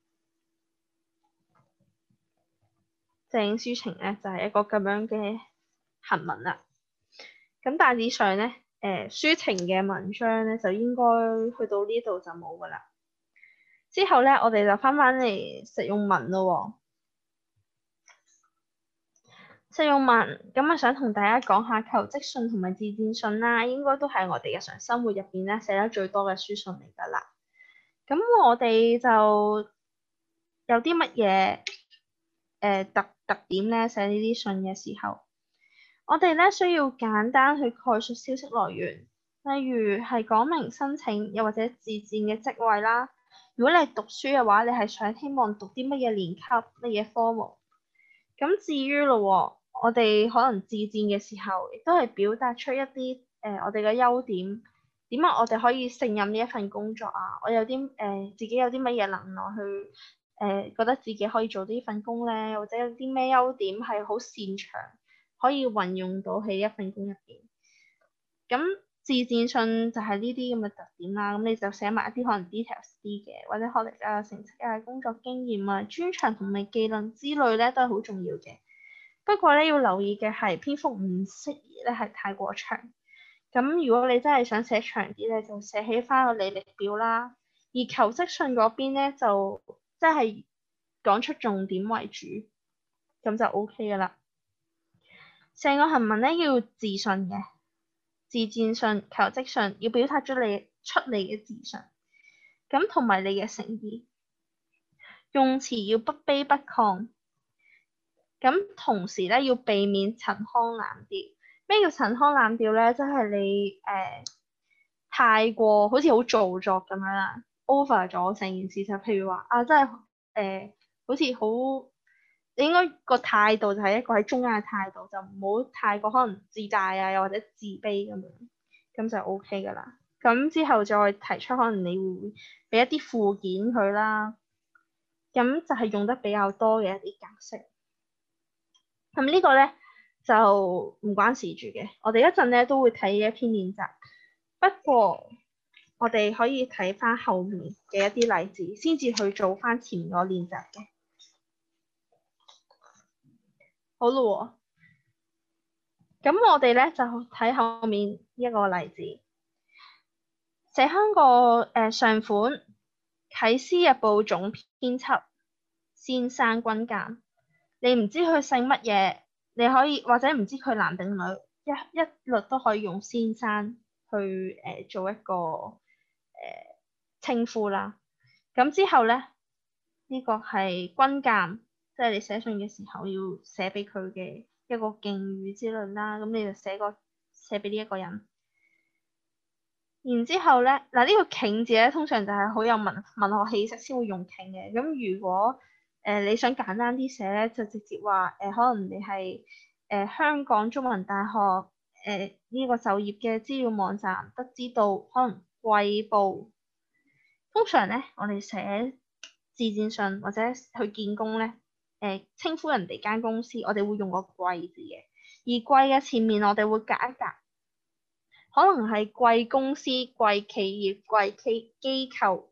正抒情咧就係、是、一個咁樣嘅行文啦。咁大致上咧，誒、呃、抒情嘅文章咧就應該去到呢度就冇㗎啦。之後咧，我哋就翻返嚟實用文咯喎、哦。實用文咁啊，想同大家講下求職信同埋自薦信啦，應該都係我哋日常生活入邊咧寫得最多嘅書信嚟噶啦。咁我哋就有啲乜嘢誒特特點咧？寫呢啲信嘅時候，我哋咧需要簡單去概述消息來源，例如係講明申請又或者自薦嘅職位啦。如果你係讀書嘅話，你係想希望讀啲乜嘢年級、乜嘢科目。咁至於嘞喎～我哋可能自薦嘅時候，亦都係表達出一啲誒、呃、我哋嘅優點，點解我哋可以勝任呢一份工作啊？我有啲誒、呃、自己有啲乜嘢能耐去誒、呃、覺得自己可以做呢份工咧？或者有啲咩優點係好擅長，可以運用到喺一份工入邊。咁自薦信就係呢啲咁嘅特點啦。咁你就寫埋一啲可能 details 嘅，或者學歷啊、成績啊、工作經驗啊、專長同埋技能之類咧，都係好重要嘅。不過咧，要留意嘅係篇幅唔適宜咧，係太過長。咁如果你真係想寫長啲咧，就寫起翻個履歷表啦。而求職信嗰邊咧，就即係講出重點為主，咁就 OK 噶啦。成個行文咧，要自信嘅，自薦信、求職信要表達咗你出嚟嘅自信，咁同埋你嘅誠意，用詞要不卑不亢。咁同時咧，要避免陳腔濫調。咩叫陳腔濫調咧？即係你誒、呃、太過好似好做作咁樣啦，over 咗成件事，就譬如話啊，真係誒、呃、好似好你應該個態度就係一個喺中間嘅態度，就唔好太過可能自大啊，又或者自卑咁樣，咁就 OK 噶啦。咁之後再提出，可能你會俾一啲附件佢啦。咁就係用得比較多嘅一啲格式。咁、嗯這個、呢個咧就唔關事住嘅，我哋一陣咧都會睇一篇練習，不過我哋可以睇翻後面嘅一啲例子，先至去做翻前面個練習嘅。好啦、哦，咁我哋咧就睇後面一個例子，寫香個誒、呃、上款，《啟思日報》總編輯先生君鑑。你唔知佢姓乜嘢，你可以或者唔知佢男定女，一一律都可以用先生去誒、呃、做一個誒、呃、稱呼啦。咁之後咧，呢、這個係君鑑，即係你寫信嘅時候要寫俾佢嘅一個敬語之類啦。咁你就寫個寫俾呢一個人。然之後咧，嗱呢個敬字咧，通常就係好有文文學氣息先會用敬嘅。咁如果誒、呃，你想簡單啲寫咧，就直接話誒、呃，可能你係誒、呃、香港中文大學誒呢、呃這個就業嘅資料網站，得知道，可能貴部。通常咧，我哋寫自薦信或者去見工咧，誒、呃、稱呼人哋間公司，我哋會用個貴字嘅，而貴嘅前面我哋會隔一格，可能係貴公司、貴企業、貴企機構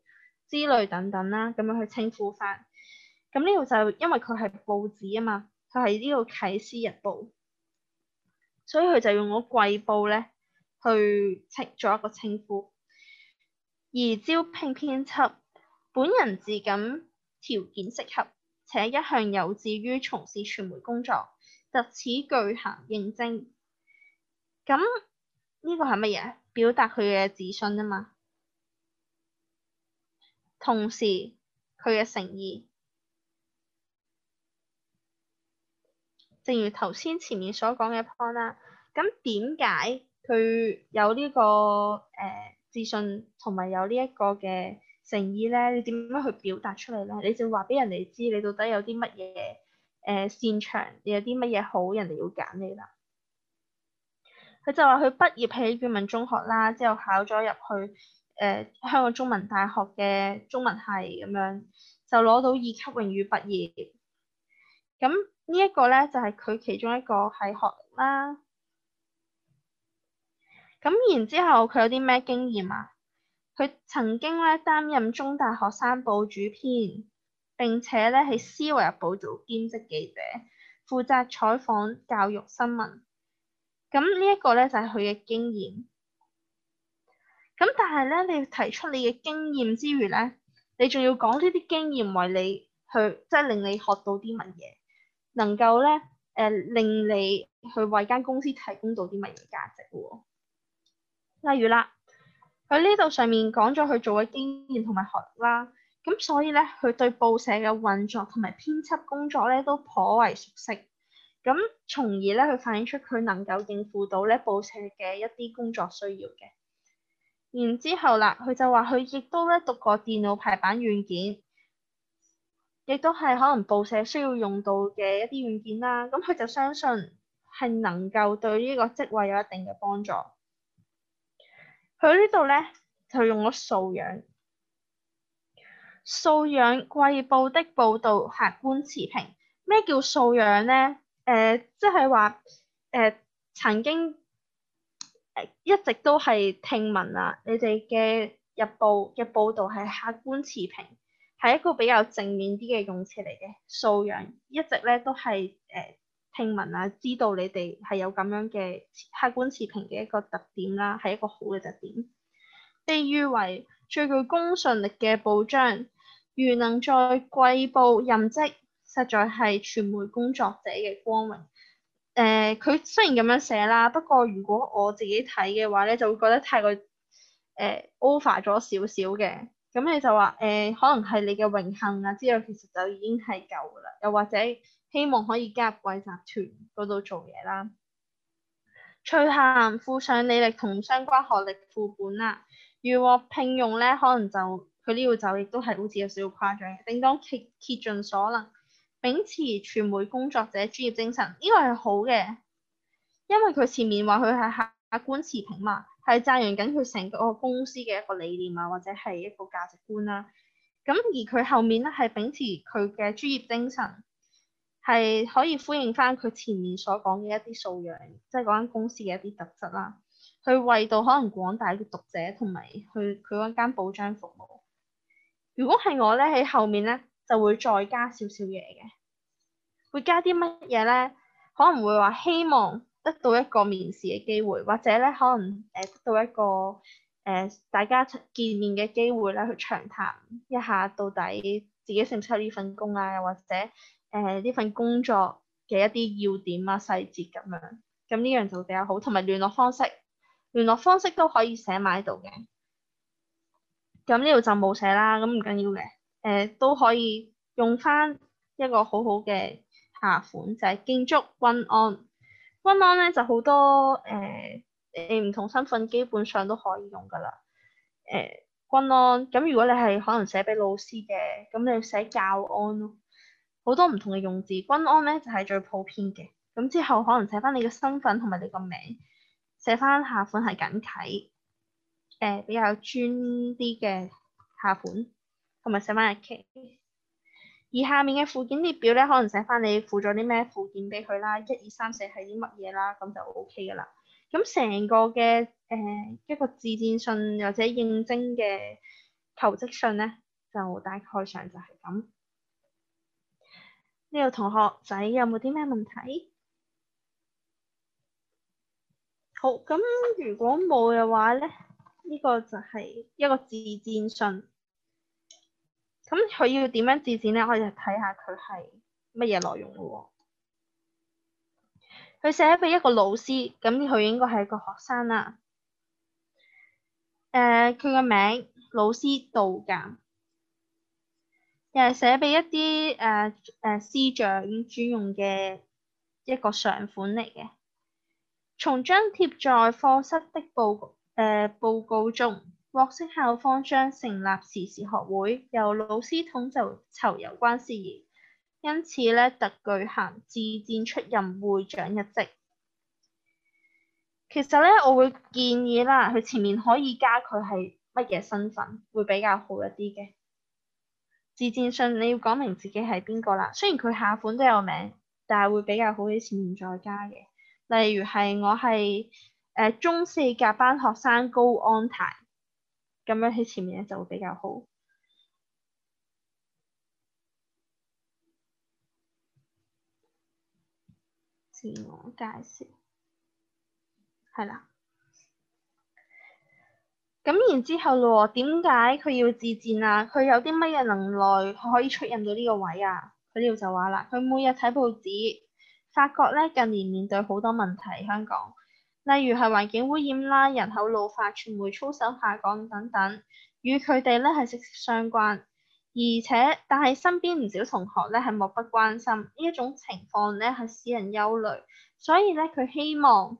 之類等等啦，咁樣去稱呼返。咁呢個就因為佢係報紙啊嘛，佢係呢個《啟思日報》，所以佢就用我貴報呢去稱做一個稱呼。而招聘編輯，本人自感條件適合，且一向有志於從事傳媒工作，特此具行應徵。咁呢個係乜嘢？表達佢嘅自信啊嘛，同時佢嘅誠意。正如頭先前面所講嘅 point 啦，咁點解佢有呢、這個誒、呃、自信同埋有呢一個嘅誠意咧？你點樣去表達出嚟咧？你就話俾人哋知你到底有啲乜嘢誒擅長，有啲乜嘢好，人哋要揀你啦。佢就話佢畢業喺語文中學啦，之後考咗入去誒、呃、香港中文大學嘅中文系咁樣，就攞到二級榮譽畢業。咁呢一個咧就係、是、佢其中一個係學啦，咁然之後佢有啲咩經驗啊？佢曾經咧擔任中大學生報主編，並且咧喺思維日報做兼職記者，負責採訪教育新聞。咁、這個、呢一個咧就係佢嘅經驗。咁但係咧，你提出你嘅經驗之餘咧，你仲要講呢啲經驗為你去即係、就是、令你學到啲乜嘢？能夠咧，誒、呃、令你去為間公司提供到啲乜嘢價值喎？例如啦，佢呢度上面講咗佢做嘅經驗同埋學歷啦，咁所以咧，佢對報社嘅運作同埋編輯工作咧都頗為熟悉，咁從而咧，佢反映出佢能夠應付到咧報社嘅一啲工作需要嘅。然之後啦，佢就話佢亦都咧讀過電腦排版軟件。亦都係可能報社需要用到嘅一啲軟件啦，咁佢就相信係能夠對呢個職位有一定嘅幫助。佢呢度呢，就用咗素養，素養貴報的報導客觀持平。咩叫素養呢？誒、呃，即係話誒曾經、呃、一直都係聽聞啊，你哋嘅日報嘅報導係客觀持平。係一個比較正面啲嘅用詞嚟嘅，素養一直咧都係誒、呃、聽聞啊，知道你哋係有咁樣嘅客觀持平嘅一個特點啦，係一,一個好嘅特點。被譽為最具公信力嘅報章，如能在貴報任職，實在係傳媒工作者嘅光榮。誒、呃，佢雖然咁樣寫啦，不過如果我自己睇嘅話咧，就會覺得太過誒 over 咗少少嘅。呃咁你就話誒、呃，可能係你嘅榮幸啊之類，其實就已經係夠噶啦。又或者希望可以加入貴集團嗰度做嘢啦。隨函附上履歷同相關學歷副本啦。如獲聘用咧，可能就佢呢度就亦都係好似有少少誇張嘅，定當竭竭盡所能，秉持傳媒工作者專業精神，呢、呢個係好嘅，因為佢前面話佢係客官持平嘛，係讚揚緊佢成個公司嘅一個理念啊，或者係一個價值觀啦。咁而佢後面咧係秉持佢嘅專業精神，係可以呼應翻佢前面所講嘅一啲素養，即係嗰間公司嘅一啲特質啦。去為到可能廣大嘅讀者同埋去佢嗰間保障服務。如果係我咧喺後面咧，就會再加少少嘢嘅，會加啲乜嘢咧？可能會話希望。得到一個面試嘅機會，或者咧可能誒得到一個誒、呃、大家見面嘅機會咧，去長談一下到底自己適唔適合呢份工啊，又或者誒呢份工作嘅、啊呃、一啲要點啊細節咁樣，咁呢樣就比較好。同埋聯絡方式，聯絡方式都可以寫埋喺度嘅。咁呢度就冇寫啦，咁唔緊要嘅，誒、呃、都可以用翻一個好好嘅下款，就係敬祝鈞安。均安咧就好多誒誒唔同身份基本上都可以用㗎啦，誒、呃、均安咁如果你係可能寫俾老師嘅，咁你要寫教安咯、哦，好多唔同嘅用字，均安咧就係、是、最普遍嘅，咁之後可能寫翻你嘅身份同埋你嘅名，寫翻下款係謹啟，誒、呃、比較專啲嘅下款，同埋寫翻日期。而下面嘅附件列表咧，可能寫翻你附咗啲咩附件俾佢啦，一二三四係啲乜嘢啦，咁就 OK 噶啦。咁成個嘅誒、呃、一個自薦信或者應徵嘅求職信咧，就大概上就係咁。呢、這個同學仔有冇啲咩問題？好，咁如果冇嘅話咧，呢、這個就係一個自薦信。咁佢要點樣自薦呢？我哋睇下佢係乜嘢內容咯喎、哦。佢寫俾一個老師，咁佢應該係個學生啦。誒、呃，佢個名老師道鑑，又係寫俾一啲誒誒師長專用嘅一個上款嚟嘅。從張貼在課室的報告誒、呃、報告中，獲悉校方將成立時事學會，由老師統籌籌有關事宜，因此呢特舉行自薦出任會長一職。其實呢，我會建議啦，佢前面可以加佢係乜嘢身份，會比較好一啲嘅。自薦信你要講明自己係邊個啦，雖然佢下款都有名，但係會比較好喺前面再加嘅。例如係我係誒、呃、中四甲班學生高安泰。咁樣喺前面咧就會比較好。自我介紹，係啦。咁然之後嘞喎，點解佢要自薦啊？佢有啲乜嘢能耐可以出任到呢個位啊？佢呢度就話啦，佢每日睇報紙，發覺呢近年面對好多問題，香港。例如係環境污染啦、人口老化、傳媒操守下降等等，與佢哋咧係息息相關。而且，但係身邊唔少同學咧係漠不關心，呢一種情況咧係使人憂慮。所以咧，佢希望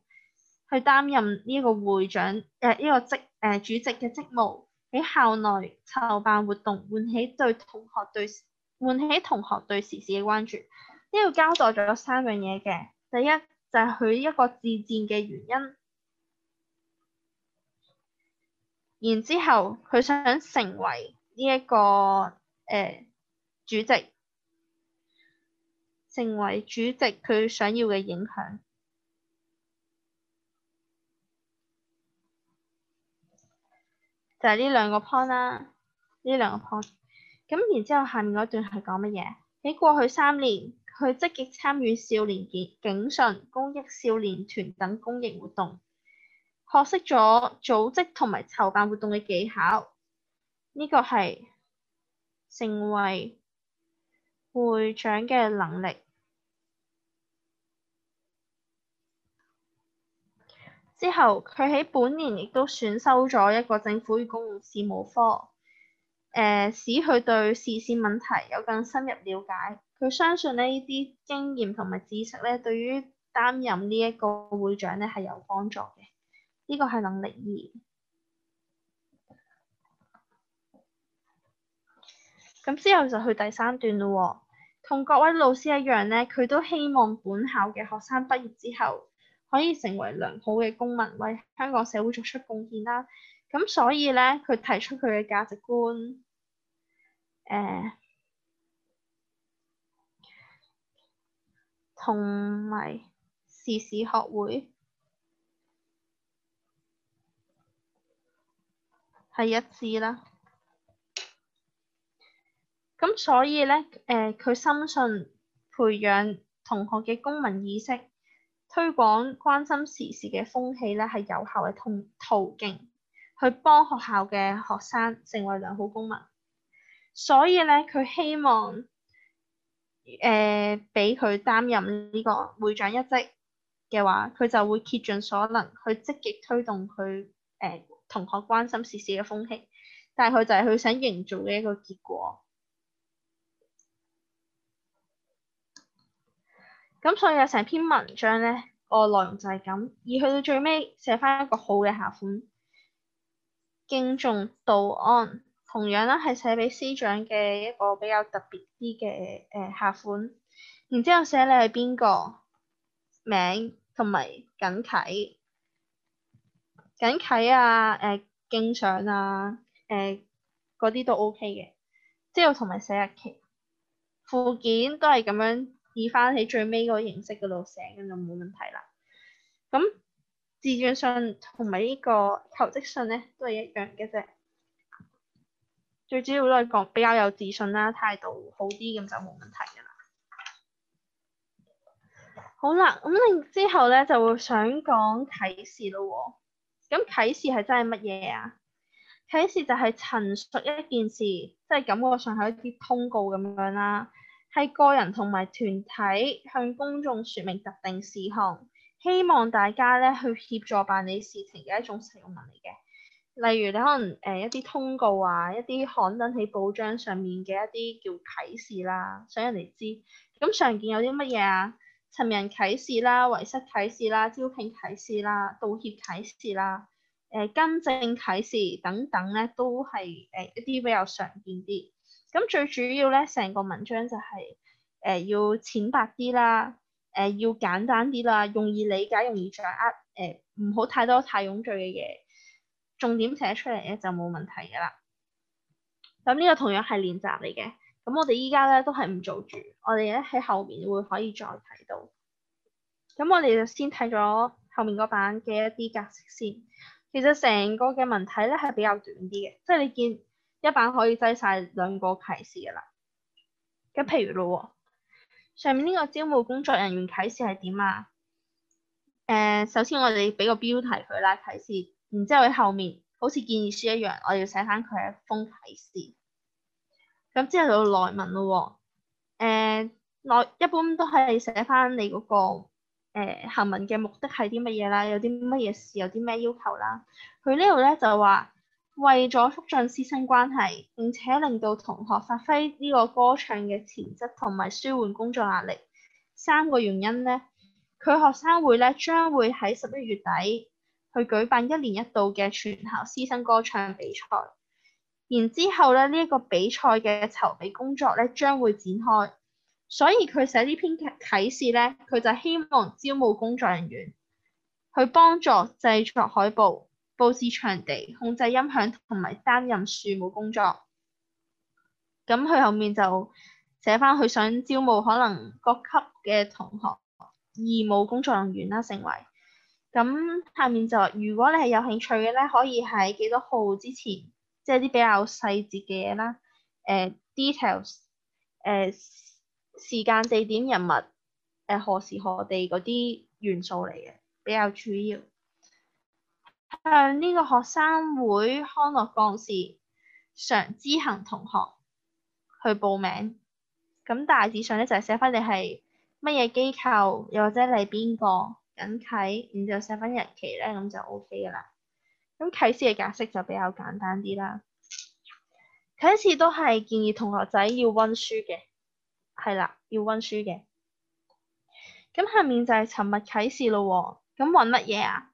去擔任呢一個會長，誒、呃、呢、呢個職誒、呃、主席嘅職務，喺校內籌辦活動，喚起對同學對，喚起，喚起同學對時事嘅關注。呢個交代咗三樣嘢嘅，第一。但係佢一個自薦嘅原因，然之後佢想成為呢、這、一個誒、呃、主席，成為主席佢想要嘅影響，就係呢兩個 point 啦，呢兩個 point。咁然之後下面嗰段係講乜嘢？喺過去三年。佢積極參與少年警警訊、公益少年團等公益活動，學識咗組織同埋籌辦活動嘅技巧。呢、這個係成為會長嘅能力。之後，佢喺本年亦都選修咗一個政府與公共事務科，誒、呃，使佢對時事問題有更深入了解。佢相信呢啲經驗同埋知識咧，對於擔任呢一個會長咧係有幫助嘅。呢個係能力二。咁 [noise] 之後就去第三段啦喎。同各位老師一樣呢，佢都希望本校嘅學生畢業之後可以成為良好嘅公民，為香港社會作出貢獻啦。咁所以呢，佢提出佢嘅價值觀，誒。同埋時事學會係一致啦。咁所以呢，誒、呃、佢深信培養同學嘅公民意識，推廣關心時事嘅風氣呢係有效嘅途徑，去幫學校嘅學生成為良好公民。所以呢，佢希望。誒，俾佢、呃、擔任呢個會長一職嘅話，佢就會竭盡所能去積極推動佢誒、呃、同學關心時事事嘅風氣，但係佢就係佢想營造嘅一個結果。咁所以有成篇文章呢個內容就係咁，而去到最尾寫返一個好嘅下款，敬重道安。同樣啦，係寫畀司長嘅一個比較特別啲嘅誒客款，然之後寫你係邊個名同埋謹啟，謹啟啊、誒敬上啊、誒嗰啲都 OK 嘅，之後同埋寫日期，附件都係咁樣以翻起最尾嗰形式嗰度寫，咁就冇問題啦。咁自薦信同埋呢個求職信咧，都係一樣嘅啫。最主要都係講比較有自信啦，態度好啲咁就冇問題㗎啦。好啦，咁然之後咧就會想講啟事咯喎、哦。咁啟事係真係乜嘢啊？啟事就係陳述一件事，即、就、係、是、感覺上係一啲通告咁樣啦，係個人同埋團體向公眾説明特定事項，希望大家咧去協助辦理事情嘅一種實用文嚟嘅。例如你可能誒、呃、一啲通告啊，一啲刊登喺報章上面嘅一啲叫啟事啦，想人哋知。咁、嗯、常見有啲乜嘢啊？尋人啟事啦，遺失啟事啦，招聘啟事啦，道歉啟事啦，誒更正啟事等等咧，都係誒、呃、一啲比較常見啲。咁、嗯、最主要咧，成個文章就係、是、誒、呃、要淺白啲啦，誒、呃、要簡單啲啦，容易理解，容易掌握，誒唔好太多太擁擠嘅嘢。重點寫出嚟咧就冇問題嘅啦。咁呢個同樣係練習嚟嘅。咁我哋依家咧都係唔做住，我哋咧喺後面會可以再睇到。咁我哋就先睇咗後面嗰版嘅一啲格式先。其實成個嘅文體咧係比較短啲嘅，即係你見一版可以擠晒兩個啟事嘅啦。咁譬如咯喎，上面呢個招募工作人員啟事係點啊？誒、呃，首先我哋俾個標題佢啦，啟事。然之後，喺後面好似建議書一樣，我要寫翻佢一封啟事。咁之後就到內文咯喎，誒、呃、一般都係寫翻你嗰、嗰個、呃、行文嘅目的係啲乜嘢啦，有啲乜嘢事，有啲咩要求啦。佢呢度咧就話，為咗促進師生關係，並且令到同學發揮呢個歌唱嘅潛質同埋舒緩工作壓力，三個原因咧，佢學生會咧將會喺十一月底。佢舉辦一年一度嘅全校師生歌唱比賽，然之後咧呢一個比賽嘅籌備工作咧將會展開，所以佢寫呢篇啟示咧，佢就希望招募工作人員去幫助製作海報、佈置場地、控制音響同埋擔任樹木工作。咁佢後面就寫返佢想招募可能各級嘅同學義務工作人員啦，成為。咁下面就如果你係有興趣嘅咧，可以喺幾多號之前，即係啲比較細節嘅嘢啦。誒、呃、details 誒、呃、時間地點人物，誒、呃、何時何地嗰啲元素嚟嘅，比較主要。向、呃、呢、這個學生會康樂幹事常之恆同學去報名。咁大致上咧就係寫翻你係乜嘢機構又或者你邊個。緊啟，然之後寫份日期咧，咁就 O K 噶啦。咁啟事嘅格式就比較簡單啲啦。啟事都係建議同學仔要温書嘅，係啦，要温書嘅。咁下面就係尋物啟事咯、哦。咁揾乜嘢啊？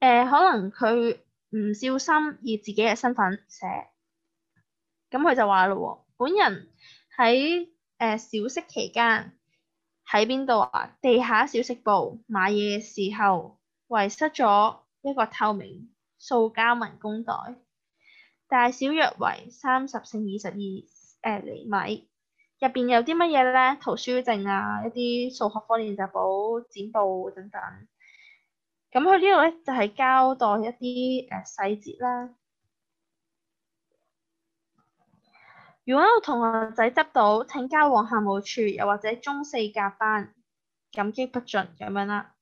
誒、呃，可能佢唔小心以自己嘅身份寫，咁佢就話咯、哦，本人喺誒、呃、小息期間。喺邊度啊？地下小食部買嘢嘅時候遺失咗一個透明塑膠文公袋，大小約為三十乘二十二誒厘米，入邊有啲乜嘢咧？圖書證啊，一啲數學科練習簿、剪報等等。咁佢呢度咧就係、是、交代一啲誒細節啦。如果我同學仔執到，請交往校務處，又或者中四甲班，感激不盡。咁樣啦。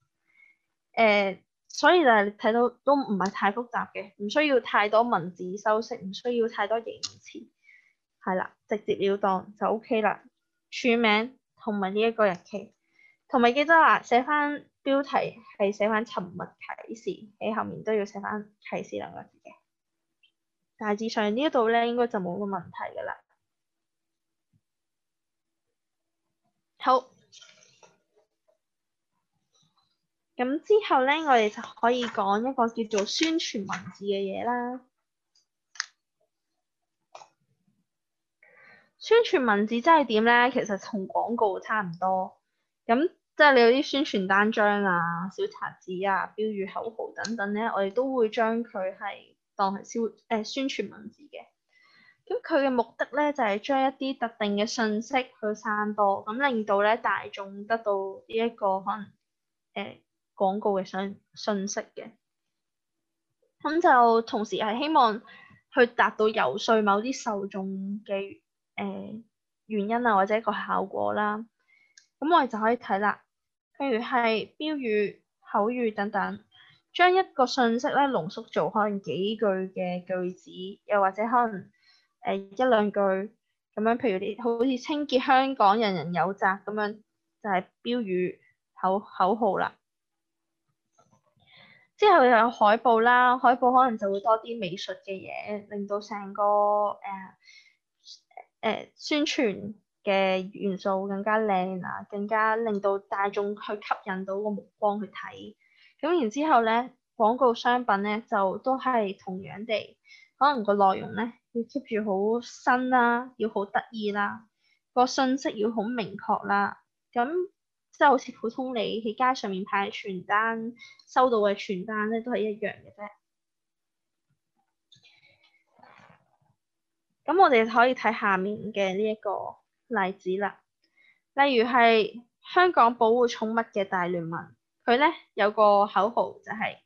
誒、呃，所以就係睇到都唔係太複雜嘅，唔需要太多文字修飾，唔需要太多形容詞，係啦，直接了當就 OK 啦。署名同埋呢一個日期，同埋記得啦，寫翻標題係寫翻尋物啟事，喺後面都要寫翻啟事兩個字嘅。大致上呢一度咧，應該就冇個問題噶啦。好，咁之後咧，我哋就可以講一個叫做宣傳文字嘅嘢啦。宣傳文字即係點咧？其實同廣告差唔多。咁即係你有啲宣傳單張啊、小冊子啊、標語口號等等咧，我哋都會將佢係當係宣，呃，宣傳文字嘅。咁佢嘅目的咧，就係將一啲特定嘅信息去散播，咁令到咧大眾得到呢一個可能誒廣告嘅信信息嘅。咁就同時係希望去達到遊說某啲受眾嘅誒原因啊，或者一個效果啦。咁我哋就可以睇啦，譬如係標語、口語等等，將一個信息咧濃縮做可能幾句嘅句子，又或者可能。誒一兩句咁樣，譬如啲好似清潔香港人人有責咁樣，就係、是、標語口口號啦。之後又有海報啦，海報可能就會多啲美術嘅嘢，令到成個誒誒、呃呃、宣傳嘅元素更加靚啦、啊，更加令到大眾去吸引到個目光去睇。咁然後之後咧，廣告商品咧就都係同樣地，可能個內容咧。要 keep 住好新啦，要好得意啦，個信息要好明確啦，咁即係好似普通你喺街上面派傳單，收到嘅傳單咧都係一樣嘅啫。咁我哋可以睇下面嘅呢一個例子啦。例如係香港保護寵物嘅大聯盟，佢咧有個口號就係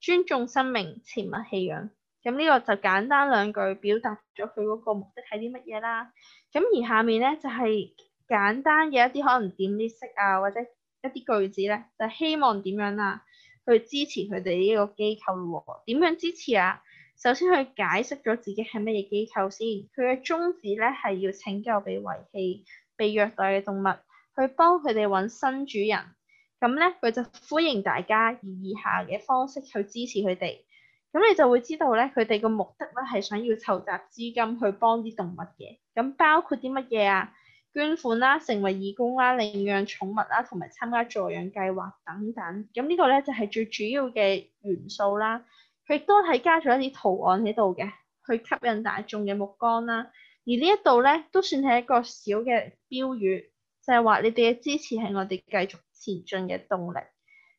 尊重生命，切勿棄養。咁呢個就簡單兩句表達咗佢嗰個目的係啲乜嘢啦。咁而下面咧就係、是、簡單嘅一啲可能點列式啊，或者一啲句子咧，就是、希望點樣啦、啊，去支持佢哋呢個機構喎、啊？點樣支持啊？首先去解釋咗自己係乜嘢機構先。佢嘅宗旨咧係要拯救被遺棄、被虐待嘅動物，去幫佢哋揾新主人。咁咧佢就歡迎大家以以下嘅方式去支持佢哋。咁你就會知道咧，佢哋個目的咧係想要籌集資金去幫啲動物嘅，咁包括啲乜嘢啊？捐款啦，成為義工啦，領養寵物啦，同埋參加助養計劃等等。咁呢個咧就係最主要嘅元素啦。佢都係加咗一啲圖案喺度嘅，去吸引大眾嘅目光啦。而呢一度咧都算係一個小嘅標語，就係話你哋嘅支持係我哋繼續前進嘅動力。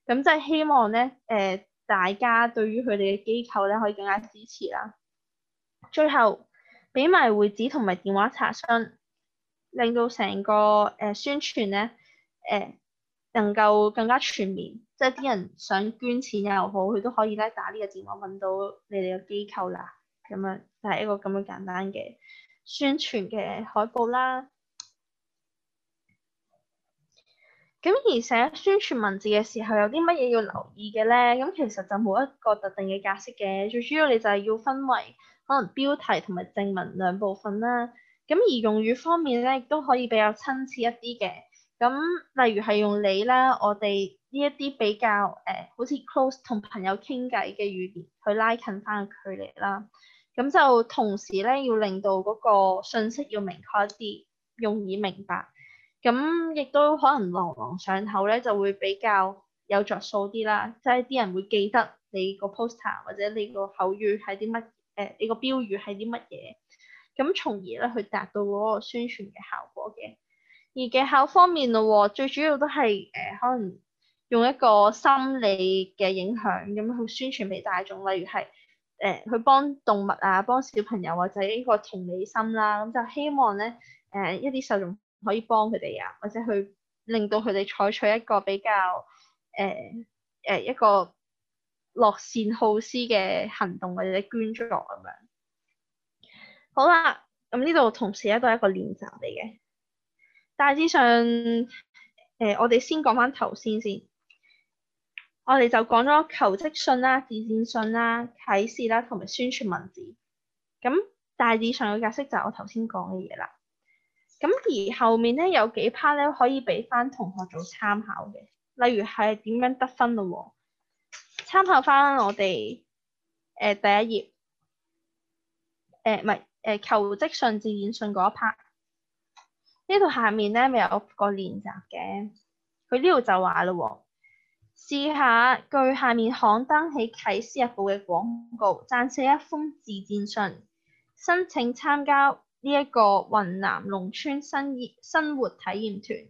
咁就係希望咧，誒、呃。大家對於佢哋嘅機構咧，可以更加支持啦。最後俾埋會址同埋電話查詢，令到成個誒、呃、宣傳咧誒、呃、能夠更加全面，即係啲人想捐錢又好，佢都可以咧打呢個電話問到你哋嘅機構啦。咁樣就係、是、一個咁樣簡單嘅宣傳嘅海報啦。咁而寫宣傳文字嘅時候有啲乜嘢要留意嘅咧？咁其實就冇一個特定嘅格式嘅，最主要你就係要分為可能標題同埋正文兩部分啦。咁而用語方面咧，亦都可以比較親切一啲嘅。咁例如係用你啦，我哋呢一啲比較誒、呃，好似 close 同朋友傾偈嘅語言去拉近翻個距離啦。咁就同時咧，要令到嗰個信息要明確一啲，容易明白。咁亦都可能朗朗上口咧，就會比較有着數啲啦，即係啲人會記得你個 poster 或者你個口語係啲乜，誒、呃、你個標語係啲乜嘢，咁從而咧去達到嗰個宣傳嘅效果嘅。而技巧方面嘞，最主要都係誒、呃、可能用一個心理嘅影響咁去宣傳俾大眾，例如係誒、呃、去幫動物啊，幫小朋友或者呢個同理心啦、啊，咁就希望咧誒、呃、一啲受眾。可以幫佢哋啊，或者去令到佢哋採取一個比較誒誒、呃呃、一個樂善好施嘅行動或者捐助咁樣。好啦，咁呢度同時都係一個練習嚟嘅。大致上誒、呃，我哋先講翻頭先先。我哋就講咗求職信啦、自薦信啦、啟事啦同埋宣傳文字。咁大致上嘅格式就係我頭先講嘅嘢啦。咁而後面咧有幾 part 咧可以俾翻同學做參考嘅，例如係點樣得分咯喎、哦？參考翻我哋誒、呃、第一頁，誒唔係誒求職信自薦信嗰 part，呢度下面咧咪有個練習嘅，佢呢度就話嘞喎，試下據下面刊登喺啟思日報嘅廣告，撰寫一封自薦信，申請參加。呢一個雲南農村生生活體驗團，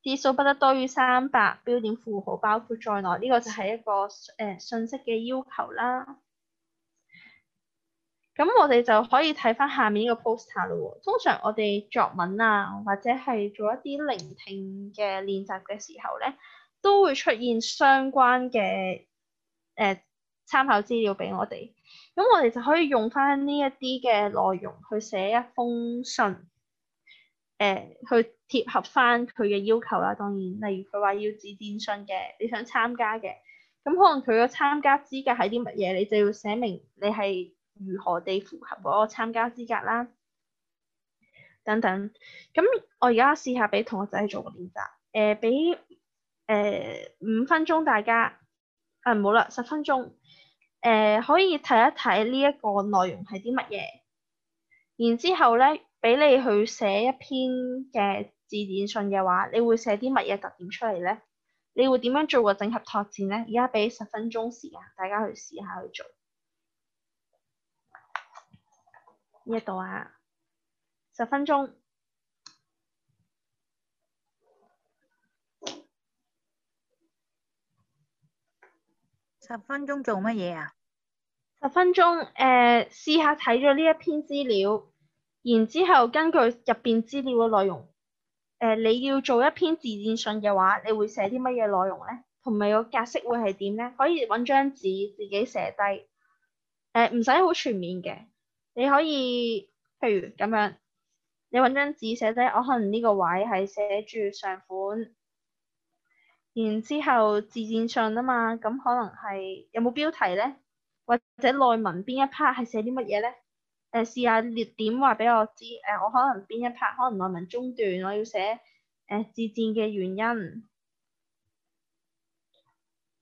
字數不得多於三百，標點符號包括在內，呢、這個就係一個誒、呃、信息嘅要求啦。咁我哋就可以睇返下面呢個 poster 啦、哦。通常我哋作文啊，或者係做一啲聆聽嘅練習嘅時候咧，都會出現相關嘅誒參考資料俾我哋。咁我哋就可以用翻呢一啲嘅內容去寫一封信，誒、呃，去貼合翻佢嘅要求啦。當然，例如佢話要自薦信嘅，你想參加嘅，咁可能佢嘅參加資格係啲乜嘢，你就要寫明你係如何地符合嗰個參加資格啦。等等。咁我而家試下俾同學仔做個練習，誒、呃，俾誒五分鐘大家，啊，唔好啦，十分鐘。誒、呃、可以睇一睇呢一個內容係啲乜嘢？然之後咧俾你去寫一篇嘅字典信嘅話，你會寫啲乜嘢特點出嚟咧？你會點樣做個整合拓展咧？而家俾十分鐘時間大家去試下去做呢一度啊，十分鐘，十分鐘做乜嘢啊？十分鐘，誒、呃、試下睇咗呢一篇資料，然之後根據入邊資料嘅內容，誒、呃、你要做一篇自薦信嘅話，你會寫啲乜嘢內容咧？同埋個格式會係點咧？可以揾張紙自己寫低，誒唔使好全面嘅，你可以譬如咁樣，你揾張紙寫低，我可能呢個位係寫住上款，然之後自薦信啊嘛，咁可能係有冇標題咧？或者內文邊一 part 係寫啲乜嘢咧？誒試下列點話俾我知。誒、呃、我可能邊一 part，可能內文中段我要寫誒、呃、自薦嘅原因。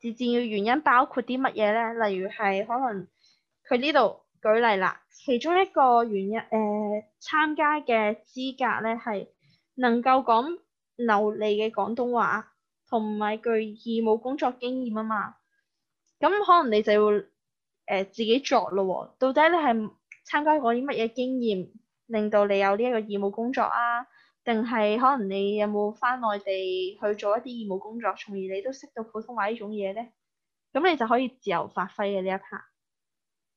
自薦嘅原因包括啲乜嘢咧？例如係可能佢呢度舉例啦，其中一個原因誒、呃、參加嘅資格咧係能夠講流利嘅廣東話，同埋具義務工作經驗啊嘛。咁可能你就要。誒，自己作咯，到底你係參加過啲乜嘢經驗，令到你有呢一個義務工作啊？定係可能你有冇翻內地去做一啲義務工作，從而你都識到普通話呢種嘢咧？咁你就可以自由發揮嘅呢一 part。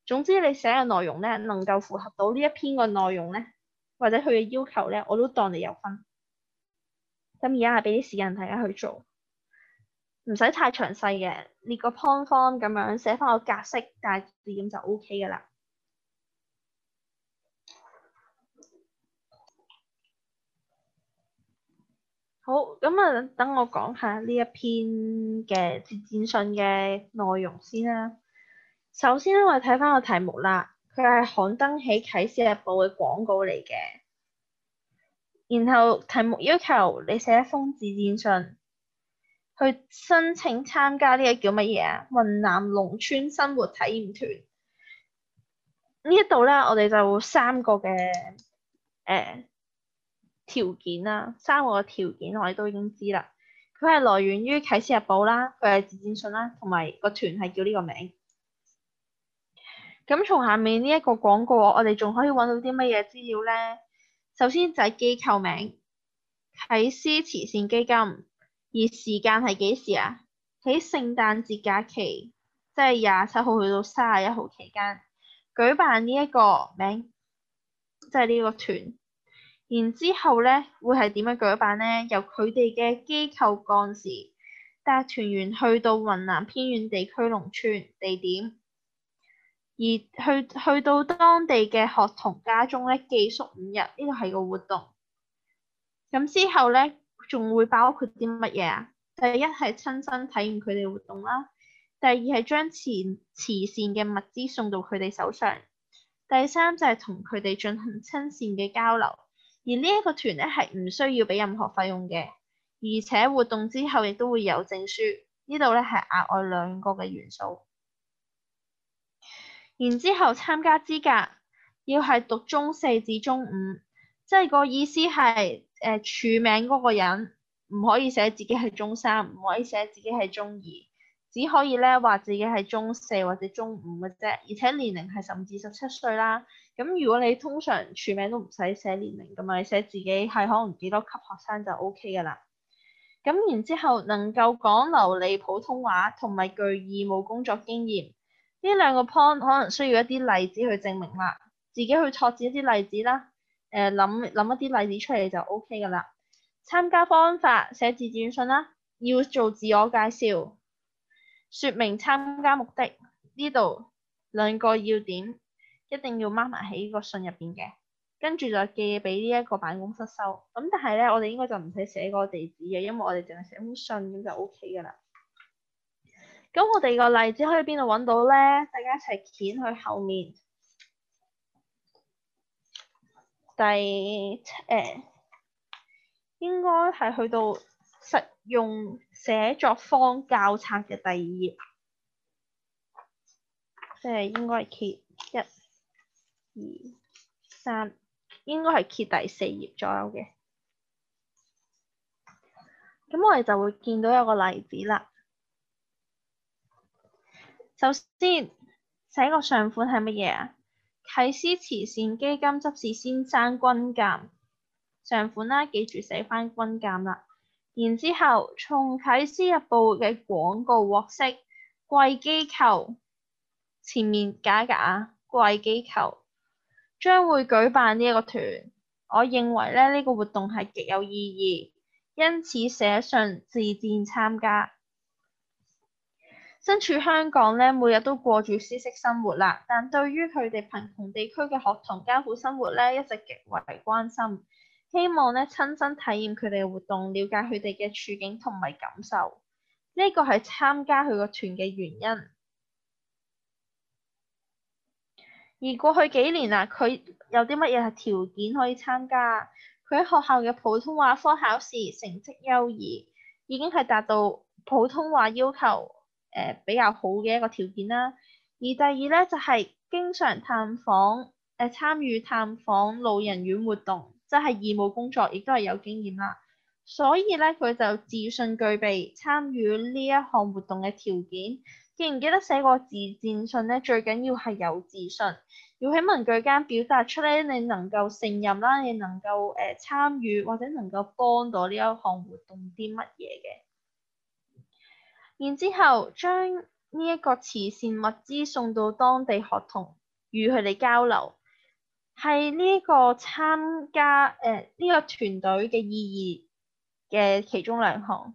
總之你寫嘅內容咧，能夠符合到呢一篇嘅內容咧，或者佢嘅要求咧，我都當你有分。咁而家係俾啲時間大家去做。唔使太詳細嘅，列個框框 i 咁樣寫翻個格式，大字眼就 O K 噶啦。好，咁啊，等我講下呢一篇嘅自薦信嘅內容先啦。首先我哋睇翻個題目啦，佢係刊登喺《啟事日報》嘅廣告嚟嘅。然後題目要求你寫一封自薦信。去申請參加呢個叫乜嘢啊？雲南農村生活體驗團呢一度咧，我哋就三個嘅誒、呃、條件啦，三個嘅條件我哋都已經知啦。佢係來源於啟思日報啦，佢係自薦信啦，同埋個團係叫呢個名。咁從下面呢一個廣告，我哋仲可以揾到啲乜嘢資料咧？首先就係機構名，啟思慈善基金。而時間係幾時啊？喺聖誕節假期，即係廿七號去到三十一號期間舉辦呢、這、一個名，即係呢個團。然之後咧，會係點樣舉辦呢？由佢哋嘅機構幹事帶團員去到雲南偏遠地區農村地點，而去去到當地嘅學童家中咧寄宿五日，呢個係個活動。咁之後咧。仲會包括啲乜嘢啊？第一係親身體驗佢哋活動啦，第二係將慈慈善嘅物資送到佢哋手上，第三就係同佢哋進行親善嘅交流。而呢一個團咧係唔需要俾任何費用嘅，而且活動之後亦都會有證書。呢度咧係額外兩個嘅元素。然之後參加資格要係讀中四至中五，即係個意思係。誒、呃、署名嗰個人唔可以寫自己係中三，唔可以寫自己係中二，只可以咧話自己係中四或者中五嘅啫。而且年齡係十五至十七歲啦。咁如果你通常署名都唔使寫年齡噶嘛，你寫自己係可能幾多級學生就 O K 噶啦。咁然之後能夠講流利普通話同埋具義務工作經驗，呢兩個 point 可能需要一啲例子去證明啦。自己去拓一啲例子啦。誒諗諗一啲例子出嚟就 OK 噶啦。參加方法寫自薦信啦，要做自我介紹，説明參加目的，呢度兩個要點一定要 mark 埋喺個信入邊嘅。跟住就寄俾呢一個辦公室收。咁但係咧，我哋應該就唔使寫嗰個地址嘅，因為我哋淨係寫封信咁就 OK 噶啦。咁我哋個例子可以邊度揾到咧？大家一齊掀去後面。第誒、呃、應該係去到實用寫作方教冊嘅第二頁，即係應該係揭一、二、三，應該係揭第四頁左右嘅。咁我哋就會見到有個例子啦。首先寫個上款係乜嘢啊？啟思慈善基金執事先生鈞鑒，上款啦、啊，記住寫翻鈞鑒啦。然之後，從啟思日報嘅廣告獲悉，貴機構前面加一啊，貴機構將會舉辦呢一個團，我認為咧呢、這個活動係極有意義，因此寫信自薦參加。身處香港咧，每日都過住舒適生活啦。但對於佢哋貧窮地區嘅學童艱苦生活咧，一直極為關心，希望咧親身體驗佢哋嘅活動，了解佢哋嘅處境同埋感受。呢個係參加佢個團嘅原因。而過去幾年啊，佢有啲乜嘢係條件可以參加？佢喺學校嘅普通話科考試成績優異，已經係達到普通話要求。誒比較好嘅一個條件啦，而第二咧就係、是、經常探訪，誒、呃、參與探訪老人院活動，即係義務工作，亦都係有經驗啦。所以咧，佢就自信具備參與呢一項活動嘅條件。記唔記得寫個自薦信咧？最緊要係有自信，要喺文具間表達出咧，你能夠勝任啦，你能夠誒、呃、參與或者能夠幫到呢一項活動啲乜嘢嘅。然之後將呢一個慈善物資送到當地學童，與佢哋交流，係呢個參加誒呢、呃呢個團隊嘅意義嘅其中兩項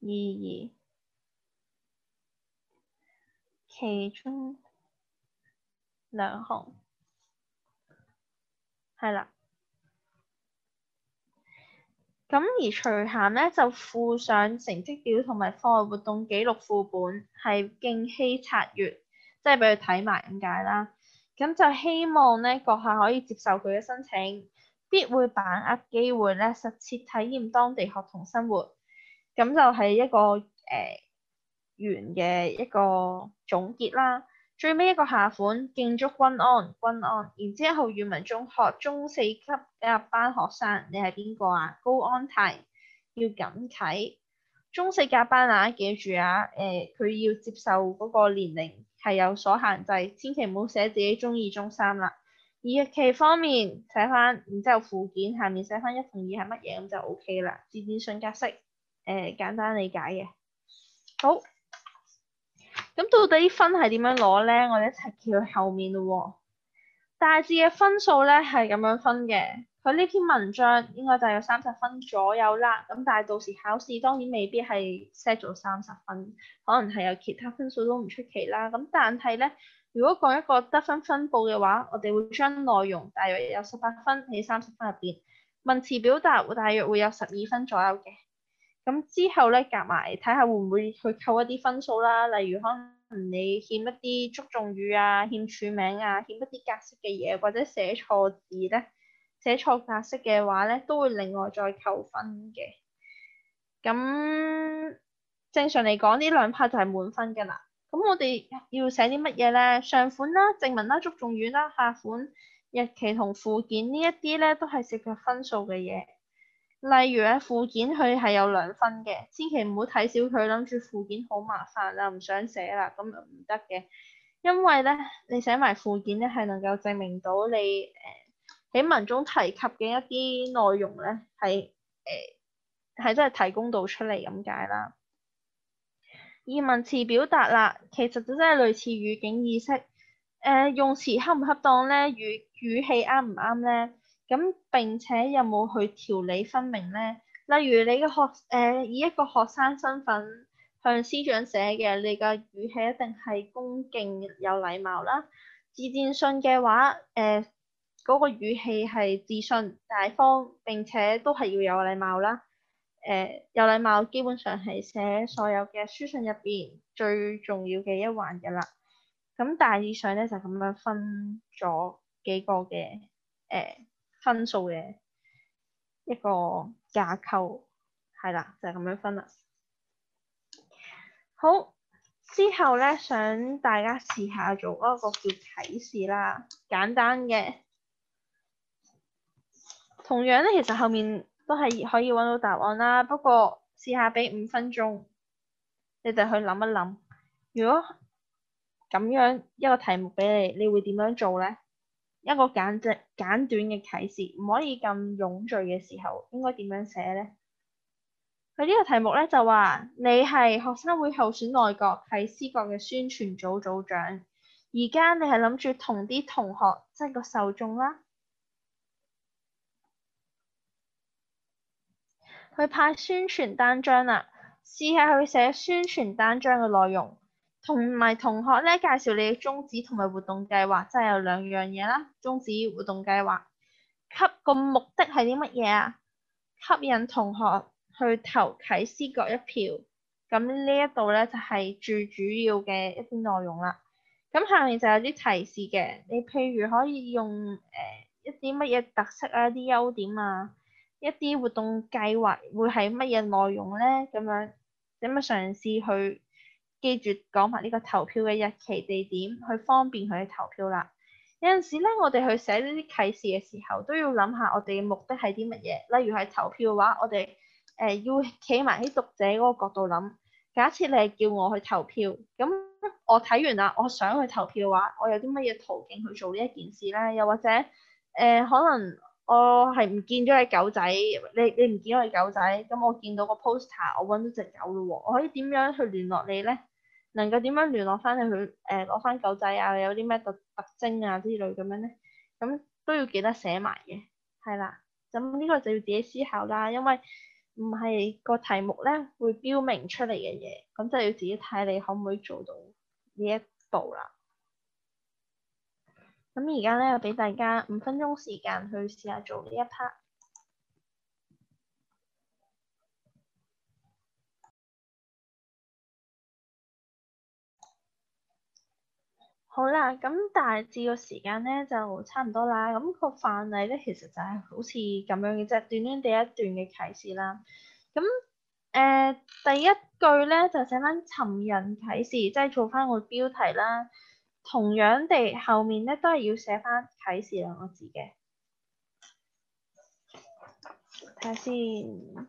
意義，其中兩項。係啦，咁而徐涵呢，就附上成績表同埋課外活動記錄副本，係敬希察閱，即係畀佢睇埋咁解啦。咁就希望呢，閣下可以接受佢嘅申請，必會把握機會呢實切體驗當地學童生活。咁就係一個誒圓嘅一個總結啦。最尾一個下款，敬祝鈞安，鈞安。然之後，語文中學中四級甲班學生，你係邊個啊？高安泰，要緊睇。中四甲班啊！記住啊，誒、呃，佢要接受嗰個年齡係有所限制，千祈唔好寫自己中二、中三啦。而日期方面，寫翻，然之後附件下面寫翻一、同二係乜嘢，咁就 OK 啦。自薦信格式，誒、呃，簡單理解嘅。好。咁到底分係點樣攞咧？我哋一齊揭去後面咯喎。大致嘅分數咧係咁樣分嘅。佢呢篇文章應該就有三十分左右啦。咁但係到時考試當然未必係 set 咗三十分，可能係有其他分數都唔出奇啦。咁但係咧，如果講一個得分分布嘅話，我哋會將內容大約有十八分喺三十分入邊，文詞表達會大約會有十二分左右嘅。咁之後咧，夾埋睇下會唔會去扣一啲分數啦，例如可能你欠一啲祝頌語啊，欠署名啊，欠一啲格式嘅嘢，或者寫錯字咧，寫錯格式嘅話咧，都會另外再扣分嘅。咁正常嚟講，呢兩 part 就係滿分㗎啦。咁我哋要寫啲乜嘢咧？上款啦、正文啦、祝頌語啦、下款、日期同附件呢一啲咧，都係涉及分數嘅嘢。例如咧，附件佢係有兩分嘅，千祈唔好睇小佢，諗住附件好麻煩啊，唔想寫啦，咁唔得嘅。因為咧，你寫埋附件咧，係能夠證明到你誒喺、呃、文中提及嘅一啲內容咧，係誒係真係提供到出嚟咁解啦。而文詞表達啦，其實就真係類似語境意識，誒、呃、用詞恰唔恰當咧，語語氣啱唔啱咧？咁並且有冇去條理分明呢？例如你嘅學誒、呃、以一個學生身份向師長寫嘅，你嘅語氣一定係恭敬有禮貌啦。自薦信嘅話，誒、呃、嗰、嗰個語氣係自信大方，並且都係要有禮貌啦。誒、呃、有禮貌基本上係寫所有嘅書信入邊最重要嘅一環嘅啦。咁大致上咧就咁樣分咗幾個嘅誒。呃分數嘅一個架構係啦，就係咁樣分啦。好，之後咧想大家試下做一個叫啟示啦，簡單嘅。同樣咧，其實後面都係可以揾到答案啦。不過試下俾五分鐘，你就去諗一諗。如果咁樣一個題目俾你，你會點樣做咧？一個簡簡簡短嘅啟示，唔可以咁冗贅嘅時候，應該點樣寫呢？佢、這、呢個題目呢，就話你係學生會候選內閣喺思國嘅宣傳組組長，而家你係諗住同啲同學，即係個受眾啦，去拍宣傳單張啦，試下去寫宣傳單張嘅內容。同埋同學咧，介紹你嘅宗旨同埋活動計劃，即係有兩樣嘢啦。宗旨、活動計劃，吸個目的係啲乜嘢啊？吸引同學去投啟思覺一票，咁呢一度咧就係、是、最主要嘅一啲內容啦。咁下面就有啲提示嘅，你譬如可以用誒、呃、一啲乜嘢特色啊，一啲優點啊，一啲活動計劃會係乜嘢內容咧？咁樣咁啊，嘗試去。記住講埋呢個投票嘅日期地點，去方便佢去投票啦。有陣時咧，我哋去寫呢啲啟示嘅時候，都要諗下我哋嘅目的係啲乜嘢。例如係投票嘅話，我哋誒、呃、要企埋喺讀者嗰個角度諗。假設你係叫我去投票，咁我睇完啦，我想去投票嘅話，我有啲乜嘢途徑去做呢一件事咧？又或者誒、呃，可能。我係唔見咗隻狗仔，你你唔見咗隻狗仔，咁我見到個 poster，我揾到隻狗嘞喎，我可以點樣去聯絡你咧？能夠點樣聯絡翻佢誒攞翻狗仔啊？有啲咩特特徵啊之類咁樣咧？咁都要記得寫埋嘅，係啦。咁呢個就要自己思考啦，因為唔係個題目咧會標明出嚟嘅嘢，咁就要自己睇你可唔可以做到呢一步啦。咁而家呢，我俾大家五分鐘時間去試下做呢一 part。好啦，咁大致個時間呢就差唔多啦。咁、那個範例呢，其實就係好似咁樣嘅啫，短短第一段嘅啟事啦。咁誒、呃，第一句呢，就寫翻尋人啟事，即係做翻個標題啦。同樣地，後面咧都係要寫翻「啟示」兩個字嘅，睇下先。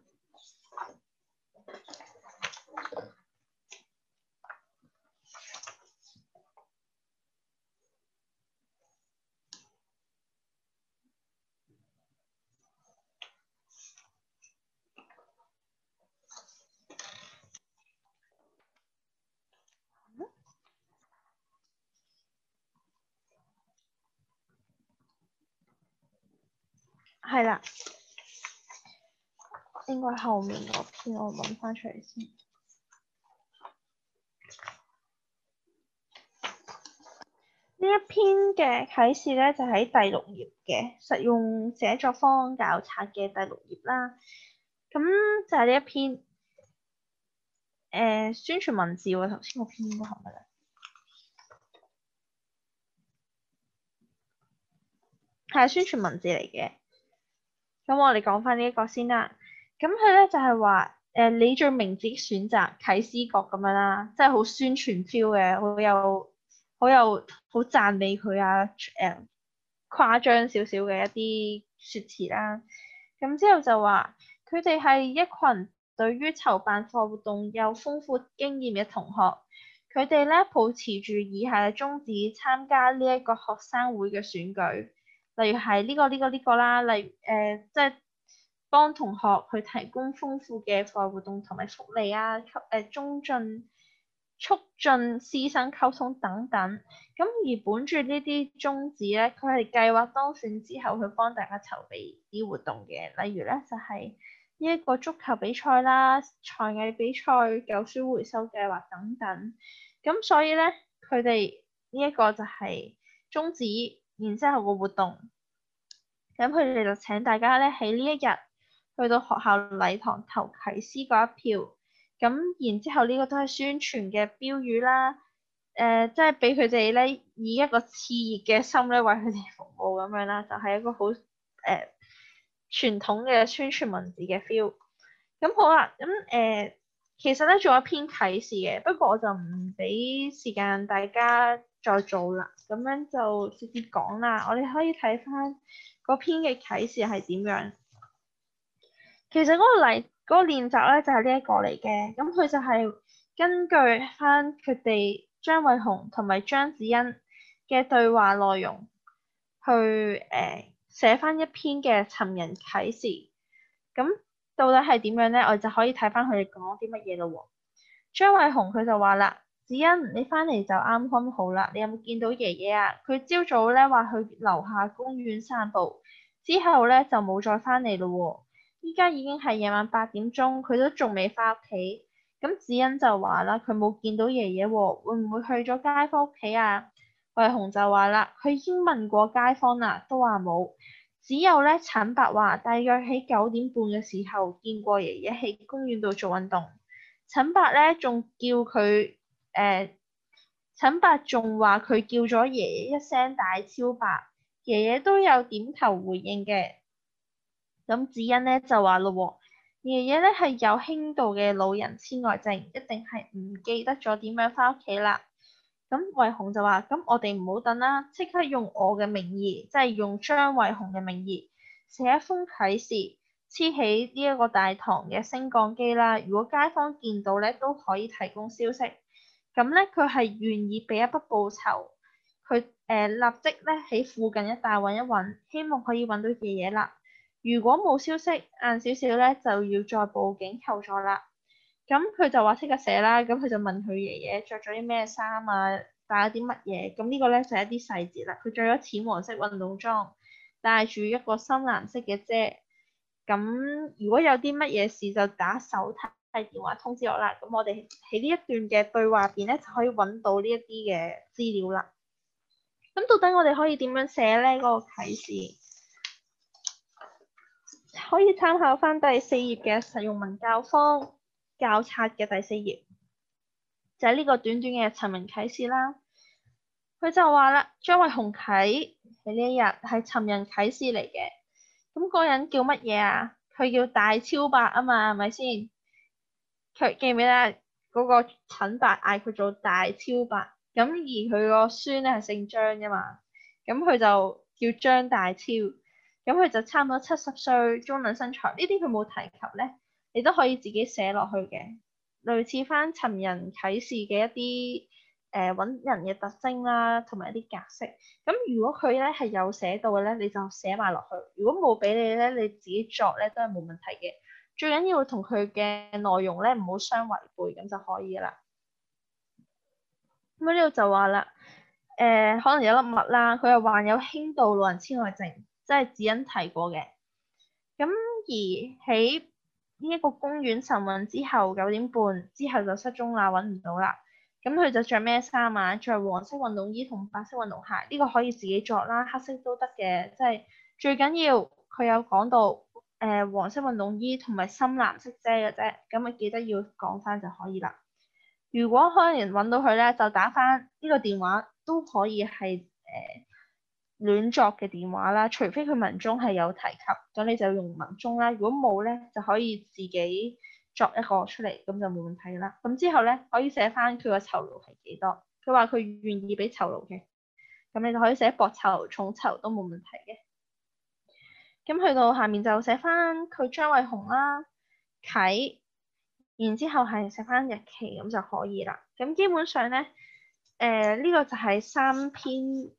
係啦，應該後面嗰篇我諗翻出嚟先。呢一篇嘅啟示咧，就喺、是、第六頁嘅《實用寫作方教冊》嘅第六頁啦。咁就係呢一篇誒、呃、宣傳文字喎，頭先嗰篇應該係咪咧？係宣傳文字嚟嘅。咁我哋講翻呢一個先啦，咁佢咧就係話，誒你最明智選擇，啟思閣咁樣啦，即係好宣傳 feel 嘅，好有好有好讚美佢啊，誒誇張少少嘅一啲説辭啦。咁之後就話，佢哋係一群對於籌辦課活動有豐富經驗嘅同學，佢哋咧保持住以下嘅宗旨參加呢一個學生會嘅選舉。例如係呢個呢個呢個啦，例誒即係幫同學去提供豐富嘅課外活動同埋福利啊，誒、呃、中進促進師生溝通等等。咁而本住呢啲宗旨咧，佢係計劃當選之後去幫大家籌備啲活動嘅。例如咧就係呢一個足球比賽啦、才藝比賽、舊書回收計劃等等。咁所以咧，佢哋呢一個就係宗旨。然之後個活動，咁佢哋就請大家咧，喺呢一日去到學校禮堂投啟思嗰一票，咁然之後呢個都係宣傳嘅標語啦，誒即係俾佢哋咧以一個熾熱嘅心咧為佢哋服務咁樣啦，就係、是、一個好誒傳統嘅宣傳文字嘅 feel。咁好啦，咁誒、呃、其實咧仲有一篇啟示嘅，不過我就唔俾時間大家。再做啦，咁樣就直接講啦。我哋可以睇翻嗰篇嘅啟示係點樣。其實嗰個例嗰、嗰個練習咧就係呢一個嚟嘅，咁、嗯、佢就係根據翻佢哋張惠紅同埋張子欣嘅對話內容去誒、呃、寫翻一篇嘅尋人啟示。咁、嗯、到底係點樣咧？我哋就可以睇翻佢哋講啲乜嘢咯。張惠紅佢就話啦。子欣，你返嚟就啱啱好啦。你有冇見到爺爺啊？佢朝早咧話去樓下公園散步，之後咧就冇再返嚟咯喎。依家已經係夜晚八點鐘，佢都仲未返屋企。咁子欣就話啦，佢冇見到爺爺喎，會唔會去咗街坊屋企啊？慧紅就話啦，佢已經問過街坊啦，都話冇。只有咧陳伯話大約喺九點半嘅時候見過爺爺喺公園度做運動。陳伯咧仲叫佢。誒，陳伯仲話佢叫咗爺爺一聲大超伯，爺爺都有點頭回應嘅。咁子欣呢就話嘞喎，爺爺呢係有輕度嘅老人痴呆症，一定係唔記得咗點樣翻屋企啦。咁維紅就話：咁我哋唔好等啦，即刻用我嘅名義，即係用張維紅嘅名義寫一封啟事，黐起呢一個大堂嘅升降機啦。如果街坊見到呢，都可以提供消息。咁咧，佢係願意俾一筆報酬，佢誒、呃、立即咧喺附近一帶揾一揾，希望可以揾到爺爺啦。如果冇消息晏少少咧，就要再報警求助啦。咁佢就話即刻寫啦。咁佢就問佢爺爺着咗啲咩衫啊，帶咗啲乜嘢？咁呢個咧就係、是、一啲細節啦。佢着咗淺黃色運動裝，戴住一個深藍色嘅遮。咁如果有啲乜嘢事，就打手提。係電話通知我啦，咁我哋喺呢一段嘅對話邊咧就可以揾到呢一啲嘅資料啦。咁到底我哋可以點樣寫咧？嗰、那個啟示可以參考翻第四頁嘅實用文教方教冊嘅第四頁，就係、是、呢個短短嘅尋人啟示啦。佢就話啦，張慧紅啟喺呢一日係尋人啟示嚟嘅，咁、那、嗰、個、人叫乜嘢啊？佢叫大超白啊嘛，係咪先？佢記唔記得嗰、那個陳伯嗌佢做大超伯，咁而佢個孫咧係姓張嘅嘛，咁佢就叫張大超，咁佢就差唔多七十歲，中等身材，呢啲佢冇提及咧，你都可以自己寫落去嘅，類似翻尋人啟事嘅一啲誒揾人嘅特徵啦，同埋一啲格式。咁如果佢咧係有寫到嘅咧，你就寫埋落去；如果冇俾你咧，你自己作咧都係冇問題嘅。最緊要同佢嘅內容咧唔好相違背，咁就可以啦。咁呢度就話啦，誒、呃、可能有粒物啦，佢又患有輕度老人痴呆症，即係指引提過嘅。咁而喺呢一個公園晨運之後九點半之後就失蹤啦，揾唔到啦。咁佢就着咩衫啊？着黃色運動衣同白色運動鞋，呢、這個可以自己作啦，黑色都得嘅。即係最緊要佢有講到。誒、呃、黃色運動衣同埋深藍色遮嘅啫，咁你記得要講翻就可以啦。如果可能揾到佢咧，就打翻呢個電話都可以係誒、呃、亂作嘅電話啦。除非佢文中係有提及，咁你就用文中啦。如果冇咧，就可以自己作一個出嚟，咁就冇問題啦。咁之後咧可以寫翻佢個酬勞係幾多？佢話佢願意俾酬勞嘅，咁你就可以寫薄酬、重酬都冇問題嘅。咁去到下面就寫翻佢張偉雄啦、啊，啟，然之後係寫翻日期咁就可以啦。咁基本上咧，誒、呃、呢、這個就係三篇誒、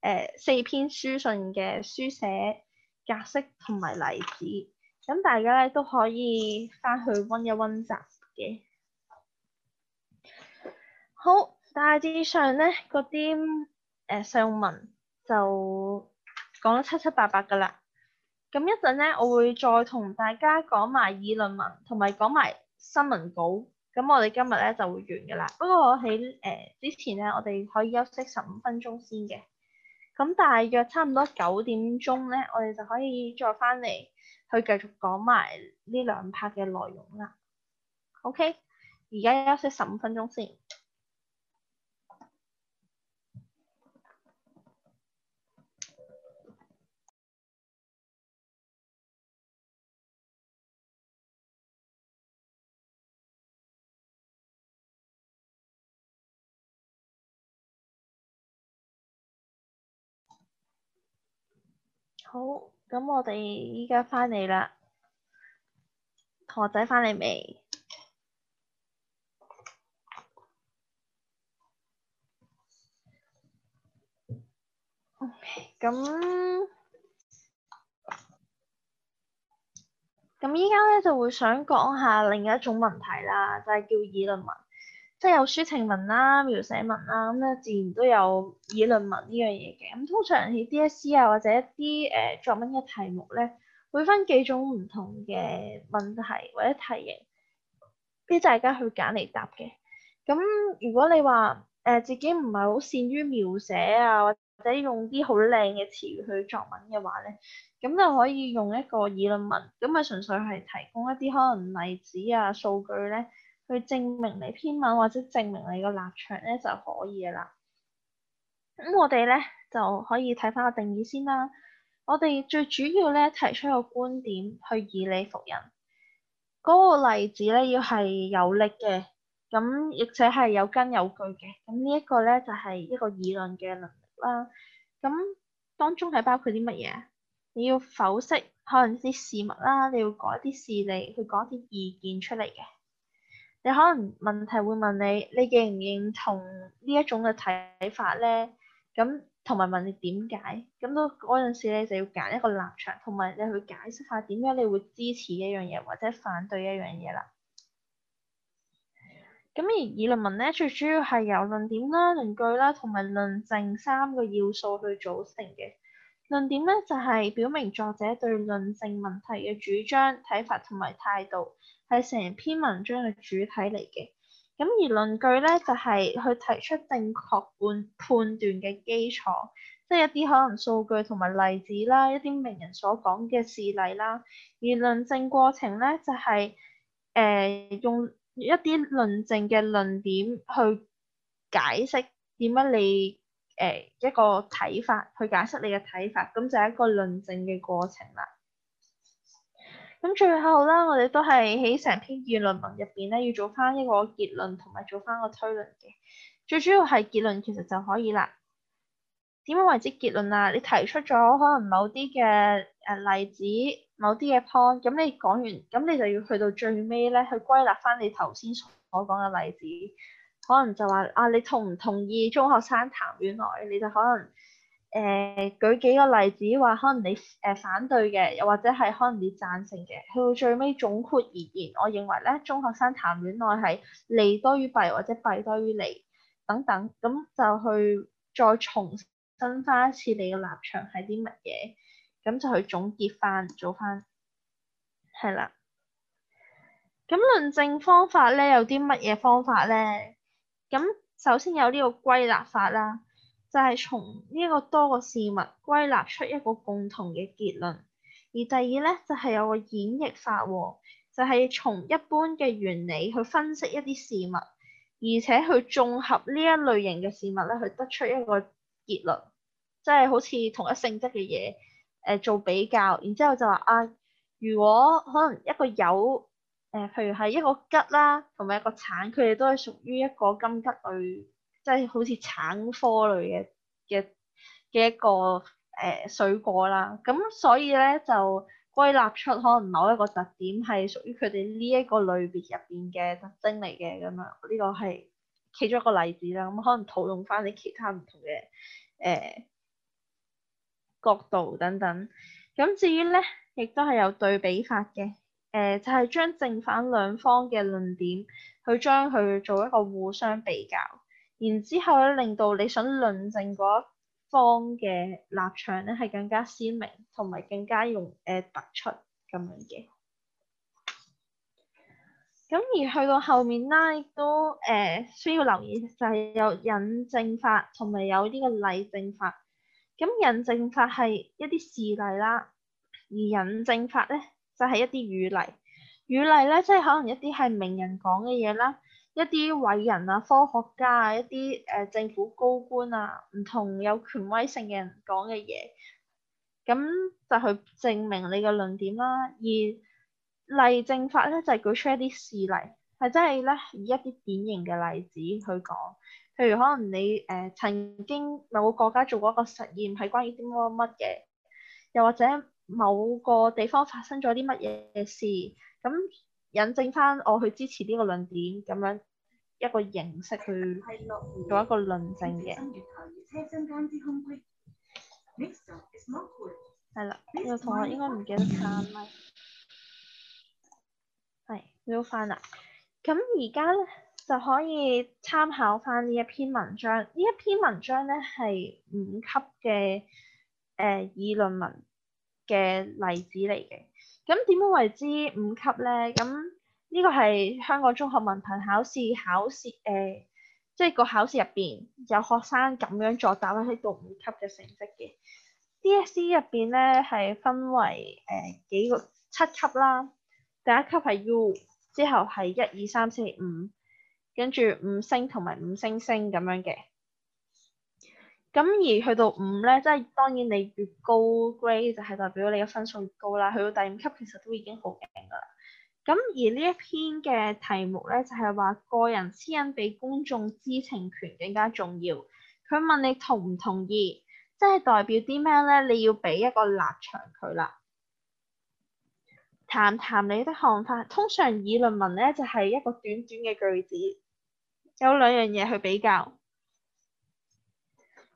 呃、四篇書信嘅書寫格式同埋例子，咁大家咧都可以翻去温一温習嘅。好，大致上咧嗰啲誒應用文就講得七七八八噶啦。咁一陣咧，我會再同大家講埋議論文，同埋講埋新聞稿。咁我哋今日咧就會完噶啦。不過我喺誒、呃、之前咧，我哋可以休息十五分鐘先嘅。咁大約差唔多九點鐘咧，我哋就可以再翻嚟去繼續講埋呢兩 part 嘅內容啦。OK，而家休息十五分鐘先。好，咁我哋而家返嚟喇。同學仔返嚟未？OK，咁咁依家呢就會想講下另一種問題喇，就係叫議論文。即係有抒情文啦、啊、描寫文啦、啊，咁咧自然都有議論文呢樣嘢嘅。咁通常喺 DSE 啊或者一啲誒、呃、作文嘅題目咧，會分幾種唔同嘅問題或者題型俾大家去揀嚟答嘅。咁如果你話誒、呃、自己唔係好擅於描寫啊，或者用啲好靚嘅詞語去作文嘅話咧，咁就可以用一個議論文，咁啊純粹係提供一啲可能例子啊、數據咧。去證明你篇文或者證明你個立場咧就可以啦。咁我哋咧就可以睇翻個定義先啦。我哋最主要咧提出個觀點去以理服人，嗰、那個例子咧要係有力嘅，咁亦且係有根有據嘅。咁呢一個咧就係、是、一個議論嘅能力啦。咁當中係包括啲乜嘢？你要剖析可能啲事物啦，你要講一啲事例，去講啲意見出嚟嘅。你可能問題會問你，你認唔認同呢一種嘅睇法咧？咁同埋問你點解？咁到嗰陣時咧，你就要揀一個立場，同埋你去解釋下點解你會支持一樣嘢或者反對一樣嘢啦。咁而議論文咧，最主要係由論點啦、論據啦同埋論證三個要素去組成嘅。論點咧就係表明作者對論證問題嘅主張、睇法同埋態度，係成篇文章嘅主體嚟嘅。咁而論據咧就係去提出正確判判斷嘅基礎，即係一啲可能數據同埋例子啦，一啲名人所講嘅事例啦。而論證過程咧就係誒用一啲論證嘅論點去解釋點解你。誒一個睇法去解釋你嘅睇法，咁就係一個論證嘅過程啦。咁最後啦，我哋都係喺成篇議論文入邊咧，要做翻一個結論同埋做翻個推論嘅。最主要係結論其實就可以啦。點樣為之結論啊？你提出咗可能某啲嘅誒例子，某啲嘅 point，咁你講完，咁你就要去到最尾咧，去歸納翻你頭先所講嘅例子。可能就話啊，你同唔同意中學生談戀愛？你就可能誒、呃、舉幾個例子，話可能你誒、呃、反對嘅，又或者係可能你贊成嘅。去到最尾總括而言，我認為咧中學生談戀愛係利多於弊，或者弊多於利等等。咁就去再重新翻一次你嘅立場係啲乜嘢，咁就去總結翻做翻係啦。咁論證方法咧有啲乜嘢方法咧？咁首先有呢個歸納法啦，就係從呢一個多個事物歸納出一個共同嘅結論。而第二咧就係有個演繹法喎，就係從一般嘅原理去分析一啲事物，而且去綜合呢一類型嘅事物咧，去得出一個結論，即係好似同一性質嘅嘢，誒做比較，然之後就話啊，如果可能一個有。誒、呃，譬如係一個桔啦，同埋一個橙，佢哋都係屬於一個柑桔類，即係好似橙科類嘅嘅嘅一個誒、呃、水果啦。咁所以咧就歸納出可能某一個特點係屬於佢哋呢一個類別入邊嘅特徵嚟嘅㗎嘛。呢、嗯這個係其中一個例子啦。咁、嗯、可能套用翻你其他唔同嘅誒、呃、角度等等。咁至於咧，亦都係有對比法嘅。誒、呃、就係將正反兩方嘅論點，去將佢做一個互相比較，然之後咧令到你想論證嗰一方嘅立場咧係更加鮮明，同埋更加用誒突、呃、出咁樣嘅。咁而去到後面啦，亦都誒、呃、需要留意就係、是、有引證法同埋有呢個例證法。咁引證法係一啲事例啦，而引證法咧。就係一啲語例，語例咧，即係可能一啲係名人講嘅嘢啦，一啲偉人啊、科學家啊、一啲誒、呃、政府高官啊，唔同有權威性嘅人講嘅嘢，咁就去證明你嘅論點啦。而例證法咧，就係、係、舉出一啲事例，係即係咧以一啲典型嘅例子去講，譬如可能你誒、呃、曾經某個國家做過一個實驗，係關於啲乜乜嘅，又或者。某個地方發生咗啲乜嘢事，咁引證翻我去支持呢個論點，咁樣一個形式去做一個論證嘅。係、嗯嗯哎、啦，呢個同學應該唔記得翻。係 recall 翻啦。咁而家咧就可以參考翻呢一篇文章，呢一篇文章咧係五級嘅誒、呃、議論文。嘅例子嚟嘅，咁點樣為之五級咧？咁呢個係香港中學文憑考試考試誒、呃，即係個考試入邊有學生咁樣作答咧，喺度五級嘅成績嘅。DSE 入邊咧係分為誒、呃、幾個七級啦，第一級係 U，之後係一二三四五，跟住五星同埋五星星咁樣嘅。咁而去到五咧，即係當然你越高 grade 就係代表你嘅分數越高啦。去到第五級其實都已經好勁噶啦。咁而呢一篇嘅題目咧就係話個人私隱比公眾知情權更加重要。佢問你同唔同意，即係代表啲咩咧？你要俾一個立場佢啦。談談你的看法。通常議論文咧就係一個短短嘅句子，有兩樣嘢去比較。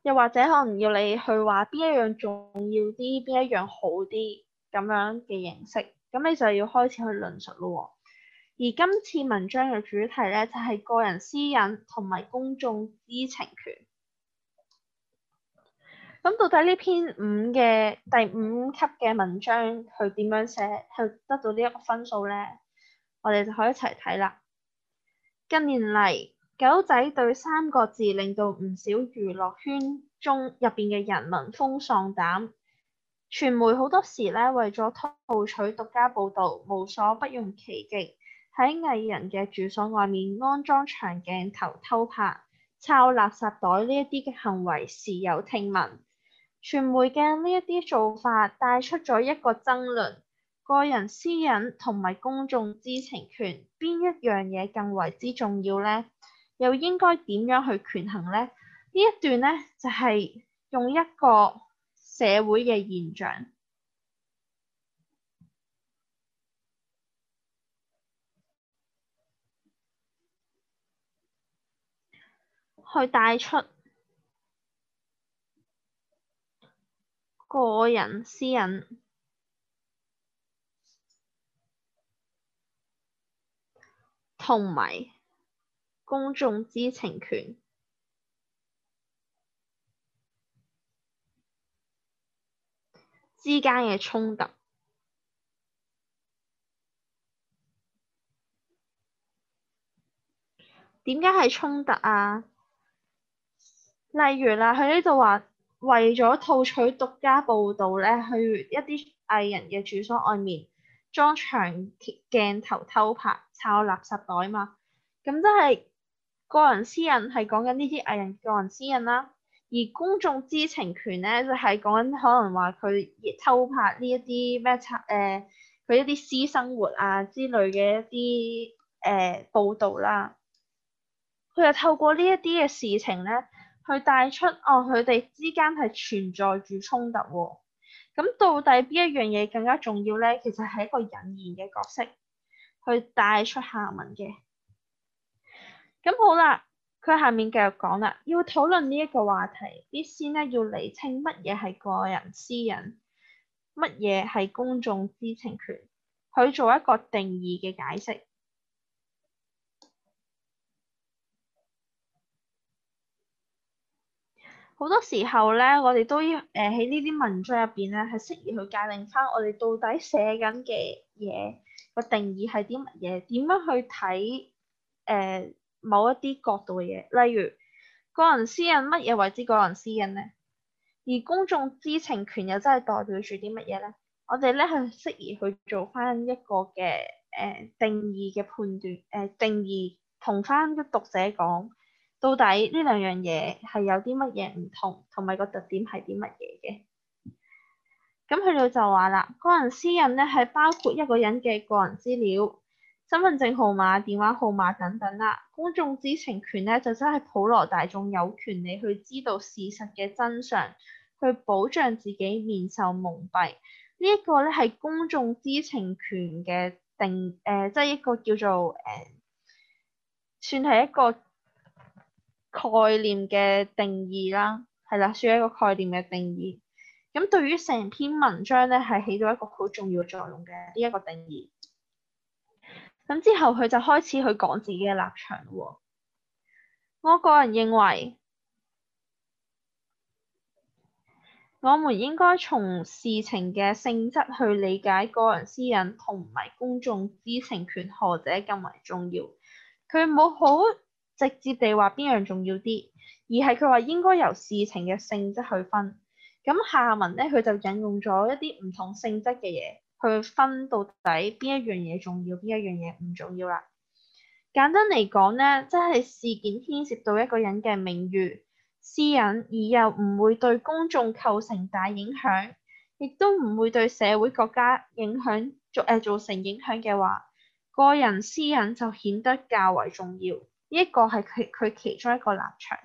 又或者可能要你去話邊一樣重要啲，邊一樣好啲咁樣嘅形式，咁你就要開始去論述咯喎。而今次文章嘅主題呢，就係個人私隱同埋公眾知情權。咁到底呢篇五嘅第五級嘅文章佢點樣寫，去得到呢一個分數呢，我哋就可以一齊睇啦。近年嚟，狗仔隊三個字令到唔少娛樂圈中入邊嘅人聞風喪膽，傳媒好多時呢，為咗套取獨家報道，無所不用其極，喺藝人嘅住所外面安裝長鏡頭偷拍、抄垃圾袋，呢一啲嘅行為時有聽聞。傳媒嘅呢一啲做法帶出咗一個爭論：個人私隱同埋公眾知情權邊一樣嘢，更為之重要呢？又應該點樣去權衡呢？呢一段呢，就係用一個社會嘅現象去帶出個人私隱同埋公眾知情權之間嘅衝突，點解係衝突啊？例如啦，佢呢度話為咗套取獨家報道呢，去一啲藝人嘅住所外面裝長鏡頭偷拍，抄垃圾袋嘛，咁即係。個人私隱係講緊呢啲藝人個人私隱啦，而公眾知情權咧就係講緊可能話佢偷拍呢、呃、一啲咩差佢一啲私生活啊之類嘅一啲誒、呃、報導啦、啊。佢又透過呢一啲嘅事情咧，去帶出哦佢哋之間係存在住衝突喎、啊。咁到底邊一樣嘢更加重要咧？其實係一個隱言嘅角色去帶出下文嘅。咁好啦，佢下面繼續講啦，要討論呢一個話題，必先咧要釐清乜嘢係個人私隱，乜嘢係公眾知情權，去做一個定義嘅解釋。好多時候呢，我哋都要誒喺呢啲文章入邊咧，係適宜去界定翻我哋到底寫緊嘅嘢個定義係啲乜嘢，點樣去睇誒？呃某一啲角度嘅嘢，例如個人私隱，乜嘢為之個人私隱咧？而公眾知情權又真係代表住啲乜嘢咧？我哋咧係適宜去做翻一個嘅誒、呃、定義嘅判斷，誒、呃、定義同翻啲讀者講，到底呢兩樣嘢係有啲乜嘢唔同，同埋個特點係啲乜嘢嘅。咁佢哋就話啦，個人私隱咧係包括一個人嘅個人資料。身份證號碼、電話號碼等等啦。公眾知情權咧，就真係普羅大眾有權利去知道事實嘅真相，去保障自己免受蒙蔽。這個、呢一個咧係公眾知情權嘅定，誒、呃，即係一個叫做誒、呃，算係一個概念嘅定義啦。係啦，算一個概念嘅定義。咁對於成篇文章咧，係起到一個好重要作用嘅呢一個定義。咁之後佢就開始去講自己嘅立場喎。我個人認為，我們應該從事情嘅性質去理解個人私隱同埋公眾知情權，何者更為重要。佢冇好直接地話邊樣重要啲，而係佢話應該由事情嘅性質去分。咁下文呢，佢就引用咗一啲唔同性質嘅嘢。去分到底邊一樣嘢重要，邊一樣嘢唔重要啦。簡單嚟講呢，即係事件牽涉到一個人嘅名譽、私隱，而又唔會對公眾構成大影響，亦都唔會對社會國家影響做、呃、造成影響嘅話，個人私隱就顯得較為重要。呢一個係佢佢其中一個立場。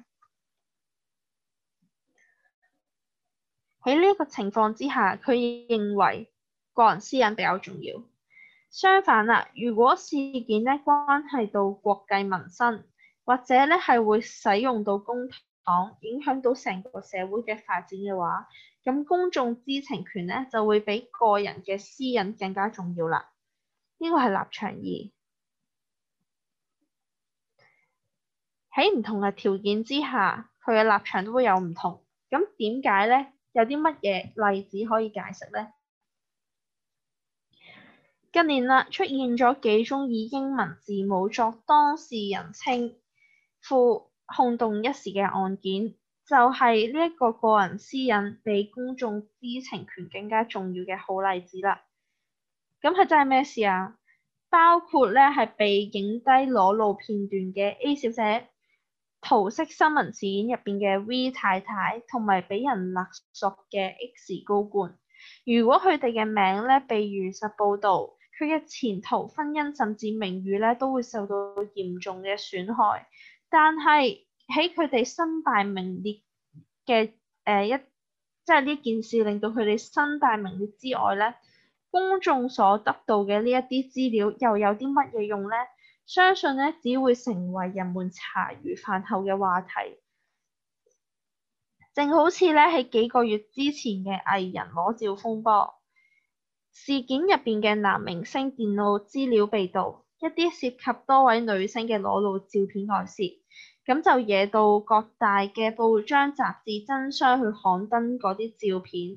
喺呢一個情況之下，佢認為。個人私隱比較重要，相反啦，如果事件咧關係到國計民生，或者咧係會使用到公帑，影響到成個社會嘅發展嘅話，咁公眾知情權咧就會比個人嘅私隱更加重要啦。呢個係立場二。喺唔同嘅條件之下，佢嘅立場都會有唔同。咁點解咧？有啲乜嘢例子可以解釋咧？近年啦，出現咗幾宗以英文字母作當事人稱，附轟動一時嘅案件，就係呢一個個人私隱比公眾知情權更加重要嘅好例子啦。咁係真係咩事啊？包括呢係被影低裸露片段嘅 A 小姐，桃色新聞事件入邊嘅 V 太太，同埋俾人勒索嘅 X 高官。如果佢哋嘅名呢被如實報導，佢嘅前途、婚姻甚至名譽咧，都會受到嚴重嘅損害。但係喺佢哋身敗名裂嘅誒一，即係呢件事令到佢哋身敗名裂之外咧，公眾所得到嘅呢一啲資料又有啲乜嘢用呢？相信呢，只會成為人們茶餘飯後嘅話題。正好似咧喺幾個月之前嘅藝人裸照風波。事件入邊嘅男明星電腦資料被盜，一啲涉及多位女星嘅裸露照片外泄，咁就惹到各大嘅報章雜誌爭相去刊登嗰啲照片，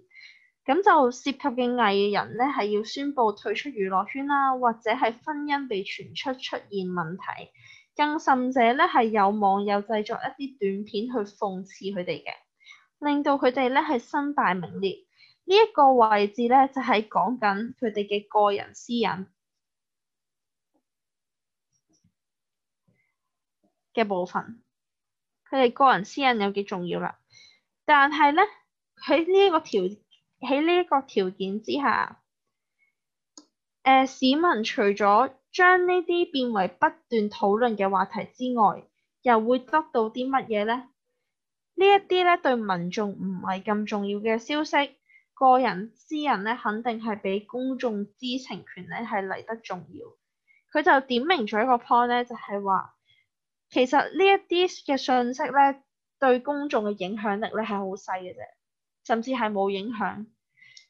咁就涉及嘅藝人呢係要宣布退出娛樂圈啦，或者係婚姻被傳出出現問題，更甚者呢係有網友製作一啲短片去諷刺佢哋嘅，令到佢哋呢係身敗名裂。呢一個位置咧，就係講緊佢哋嘅個人私隱嘅部分。佢哋個人私隱有幾重要啦？但係咧，喺呢一個條喺呢一個條件之下，誒、呃、市民除咗將呢啲變為不斷討論嘅話題之外，又會得到啲乜嘢咧？呢一啲咧，對民眾唔係咁重要嘅消息。個人私隱咧，肯定係比公眾知情權咧係嚟得重要。佢就點明咗一個 point 咧，就係、是、話，其實呢一啲嘅信息咧，對公眾嘅影響力咧係好細嘅啫，甚至係冇影響。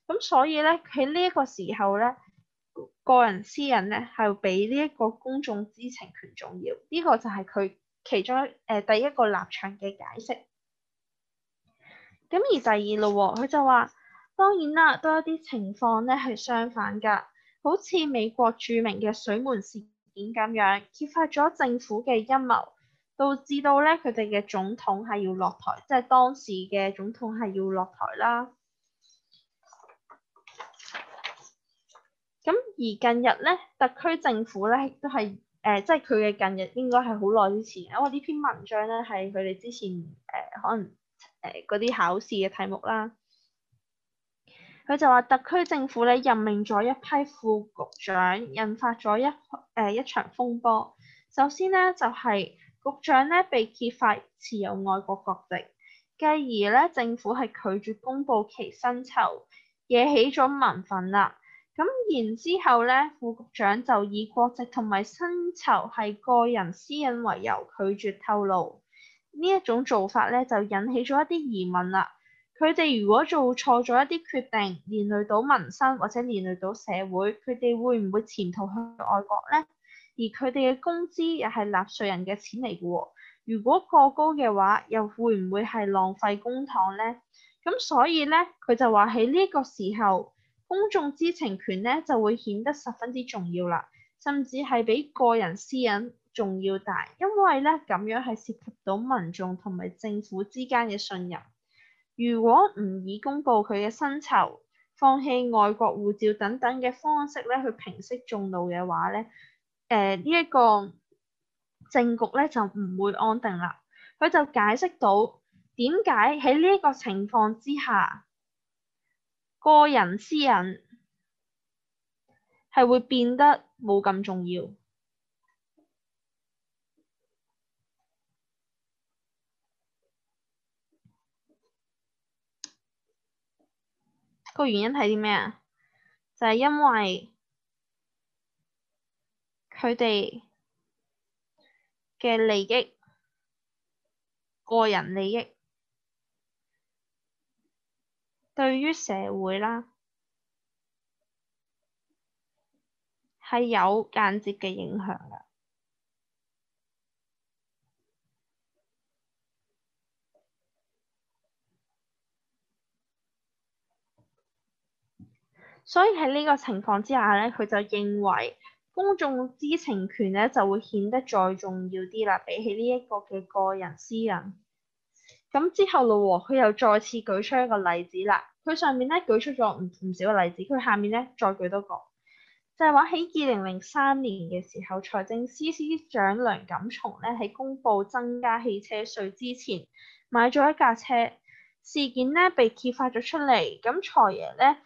咁所以咧，喺呢一個時候咧，個人私隱咧係比呢一個公眾知情權重要。呢、這個就係佢其中一誒、呃、第一個立場嘅解釋。咁而第二嘞佢就話。當然啦，都有一啲情況咧係相反㗎，好似美國著名嘅水門事件咁樣，揭發咗政府嘅陰謀，導致到咧佢哋嘅總統係要落台，即係當時嘅總統係要落台啦。咁而近日咧，特區政府咧都係誒、呃，即係佢嘅近日應該係好耐之前，因為呢篇文章咧係佢哋之前誒、呃、可能誒嗰啲考試嘅題目啦。佢就話特區政府呢任命咗一批副局長，引發咗一誒、呃、一場風波。首先呢，就係、是、局長呢被揭發持有外國國籍，繼而呢，政府係拒絕公布其薪酬，惹起咗民憤啦。咁然之後呢，副局長就以國籍同埋薪酬係個人私隱為由拒絕透露，呢一種做法呢，就引起咗一啲疑問啦。佢哋如果做錯咗一啲決定，連累到民生或者連累到社會，佢哋會唔會潛逃去外國呢？而佢哋嘅工資又係納稅人嘅錢嚟嘅喎，如果過高嘅話，又會唔會係浪費公帑呢？咁所以呢，佢就話喺呢個時候，公眾知情權呢就會顯得十分之重要啦，甚至係比個人私隱仲要大，因為呢，咁樣係涉及到民眾同埋政府之間嘅信任。如果唔以公布佢嘅薪酬，放棄外國護照等等嘅方式咧，去平息眾怒嘅話咧，誒呢一個政局呢就唔會安定啦。佢就解釋到點解喺呢一個情況之下，個人私隱係會變得冇咁重要。個原因係啲咩啊？就係、是、因為佢哋嘅利益、個人利益對於社會啦，係有間接嘅影響㗎。所以喺呢個情況之下呢，佢就認為公眾知情權呢，就會顯得再重要啲啦，比起呢一個嘅個人私隱。咁之後嘞喎，佢又再次舉出一個例子啦。佢上面呢舉出咗唔唔少嘅例子，佢下面呢再舉多個，就係話喺二零零三年嘅時候，財政司司長梁錦松呢喺公佈增加汽車稅之前買咗一架車，事件呢被揭發咗出嚟，咁財爺呢。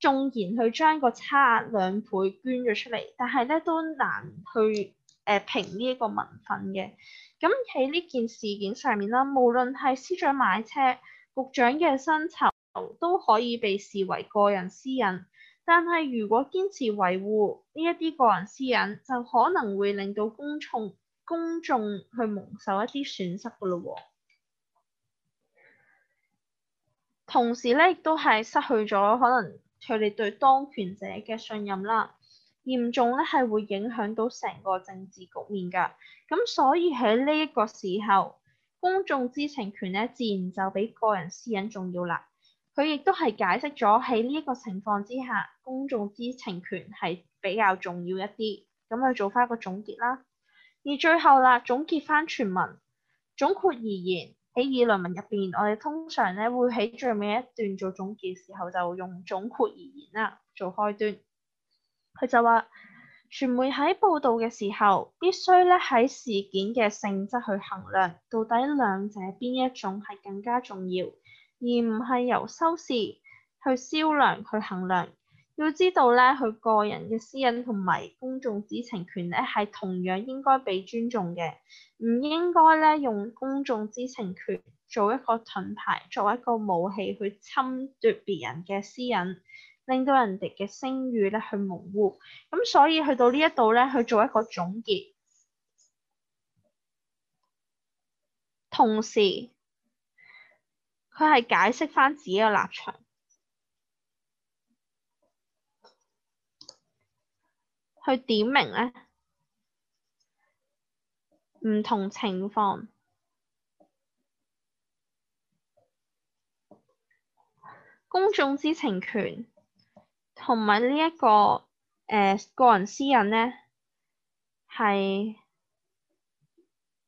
縱然去將個差額兩倍捐咗出嚟，但係咧都難去誒評呢一個民憤嘅。咁喺呢件事件上面啦，無論係司長買車、局長嘅薪酬都可以被視為個人私隱，但係如果堅持維護呢一啲個人私隱，就可能會令到公眾公眾去蒙受一啲損失噶咯喎。同時咧，亦都係失去咗可能。佢哋對當權者嘅信任啦，嚴重咧係會影響到成個政治局面㗎，咁所以喺呢一個時候，公眾知情權咧自然就比個人私隱重要啦。佢亦都係解釋咗喺呢一個情況之下，公眾知情權係比較重要一啲。咁去做返個總結啦。而最後啦，總結返全文，總括而言。喺議論文入邊，我哋通常咧會喺最尾一段做總結時候，就用總括而言啦做開端。佢就話，傳媒喺報導嘅時候，必須咧喺事件嘅性質去衡量，到底兩者邊一種係更加重要，而唔係由收視去銷量去衡量。要知道咧，佢個人嘅私隱同埋公眾知情權咧，係同樣應該被尊重嘅。唔應該咧用公眾知情權做一個盾牌，做一個武器去侵奪別人嘅私隱，令到人哋嘅聲譽咧去模糊。咁所以去到呢一度咧，去做一個總結，同時佢係解釋返自己嘅立場，去點明咧。唔同情況，公眾知情權同埋呢一個誒、呃、個人私隱呢係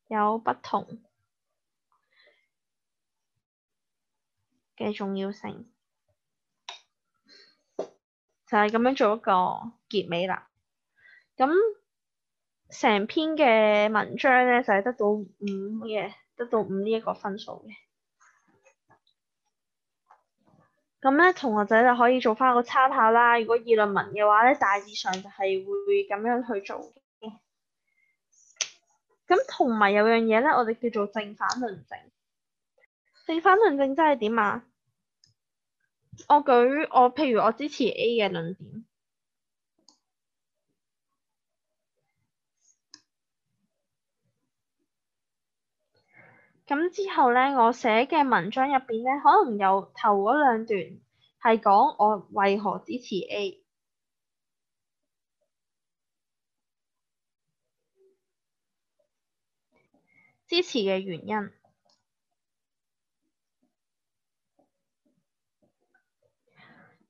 有不同嘅重要性，就係、是、咁樣做一個結尾啦。咁。成篇嘅文章咧，就係得到五嘅，得到五呢一個分數嘅。咁咧，同學仔就可以做翻個參考啦。如果議論文嘅話咧，大致上就係會咁樣去做嘅。咁同埋有樣嘢咧，我哋叫做正反論證。正反論證即係點啊？我舉我譬如我支持 A 嘅論點。咁之後呢，我寫嘅文章入邊呢，可能有頭嗰兩段係講我為何支持 A，支持嘅原因。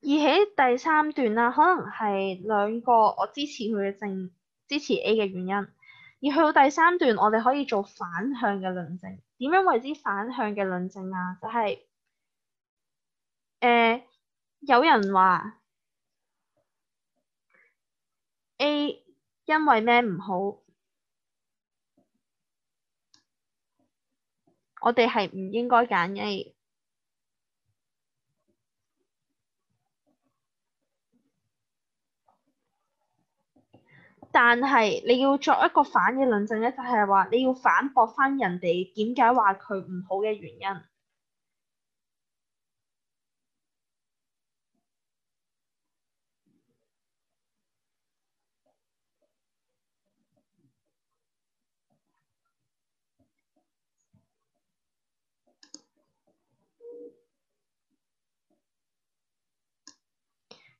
而喺第三段啦，可能係兩個我支持佢嘅證，支持 A 嘅原因。而去到第三段，我哋可以做反向嘅論證。點樣為之反向嘅論證啊？就係、是、誒、呃、有人話 A 因為咩唔好，我哋係唔應該揀 A。但係你要作一個反嘅論證咧，就係話你要反駁翻人哋點解話佢唔好嘅原因。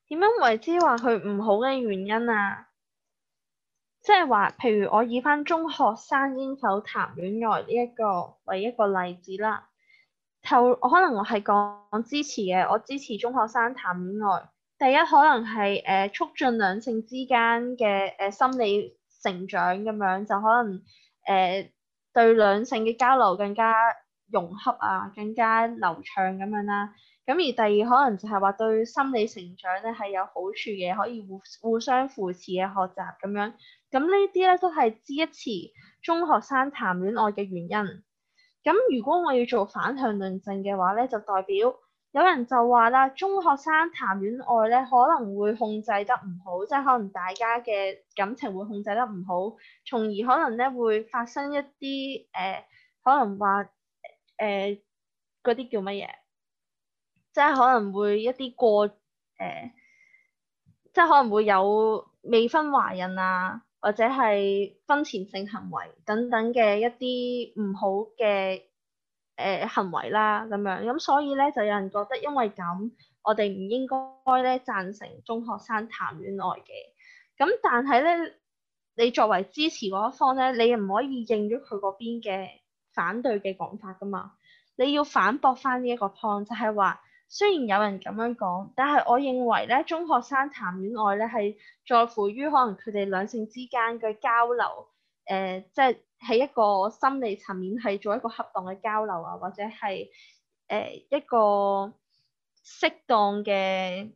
點樣為之話佢唔好嘅原因啊？即係話，譬如我以翻中學生應否談戀愛呢一個為一個例子啦。透，可能我係講支持嘅，我支持中學生談戀愛。第一可能係誒、呃、促進兩性之間嘅誒、呃、心理成長咁樣，就可能誒、呃、對兩性嘅交流更加融洽啊，更加流暢咁樣啦。咁而第二可能就係話對心理成長咧係有好處嘅，可以互互相扶持嘅學習咁樣。咁呢啲咧都係支持中學生談戀愛嘅原因。咁如果我要做反向論證嘅話咧，就代表有人就話啦，中學生談戀愛咧可能會控制得唔好，即係可能大家嘅感情會控制得唔好，從而可能咧會發生一啲誒、呃，可能話誒嗰啲叫乜嘢，即係可能會一啲過誒、呃，即係可能會有未婚懷孕啊。或者係婚前性行為等等嘅一啲唔好嘅誒、呃、行為啦，咁樣咁所以咧就有人覺得因為咁，我哋唔應該咧贊成中學生談戀愛嘅。咁但係咧，你作為支持嗰一方咧，你唔可以認咗佢嗰邊嘅反對嘅講法噶嘛？你要反駁返呢一個 point，就係、是、話。雖然有人咁樣講，但係我認為咧，中學生談戀愛咧係在乎於可能佢哋兩性之間嘅交流，誒、呃，即係喺一個心理層面係做一個恰當嘅交流啊，或者係誒、呃、一個適當嘅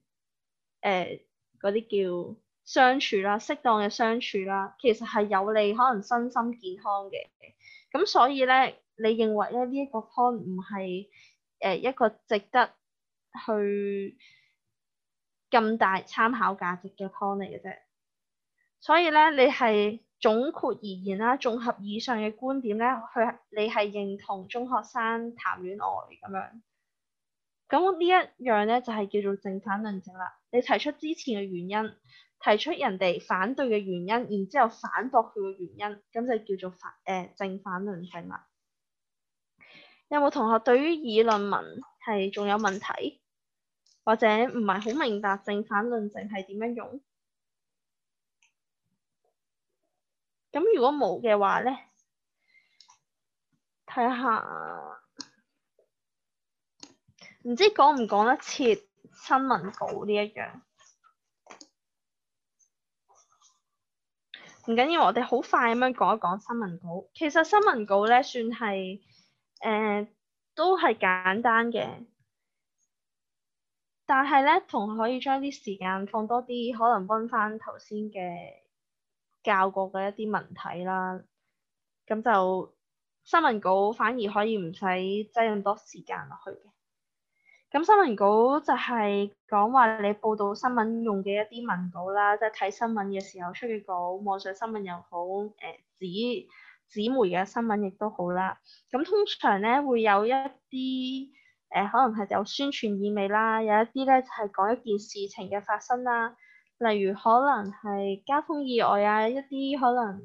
誒嗰啲叫相處啦，適當嘅相處啦，其實係有利可能身心健康嘅。咁所以咧，你認為咧呢一、這個 point 唔係誒一個值得？去咁大參考價值嘅 point 嚟嘅啫，所以咧，你係總括而言啦，綜合以上嘅觀點咧，佢你係認同中學生談戀愛咁樣，樣，咁呢一樣咧就係、是、叫做正反論證啦。你提出之前嘅原因，提出人哋反對嘅原因，然之後反駁佢嘅原因，咁就叫做反誒正、呃、反論證啦。有冇同學對於議論文係仲有問題？或者唔係好明白正反論證係點樣用？咁如果冇嘅話呢，睇下，唔知講唔講得切新聞稿呢一樣？唔緊要，我哋好快咁樣講一講新聞稿。其實新聞稿呢，算係，誒、呃、都係簡單嘅。但係咧，同學可以將啲時間放多啲，可能温翻頭先嘅教過嘅一啲文體啦。咁就新聞稿反而可以唔使擠咁多時間落去嘅。咁新聞稿就係講話你報道新聞用嘅一啲文稿啦，即係睇新聞嘅時候出嘅稿，網上新聞又好，誒紙紙媒嘅新聞亦都好啦。咁通常咧，會有一啲。誒、呃、可能係有宣傳意味啦，有一啲咧就係講一件事情嘅發生啦，例如可能係交通意外啊，一啲可能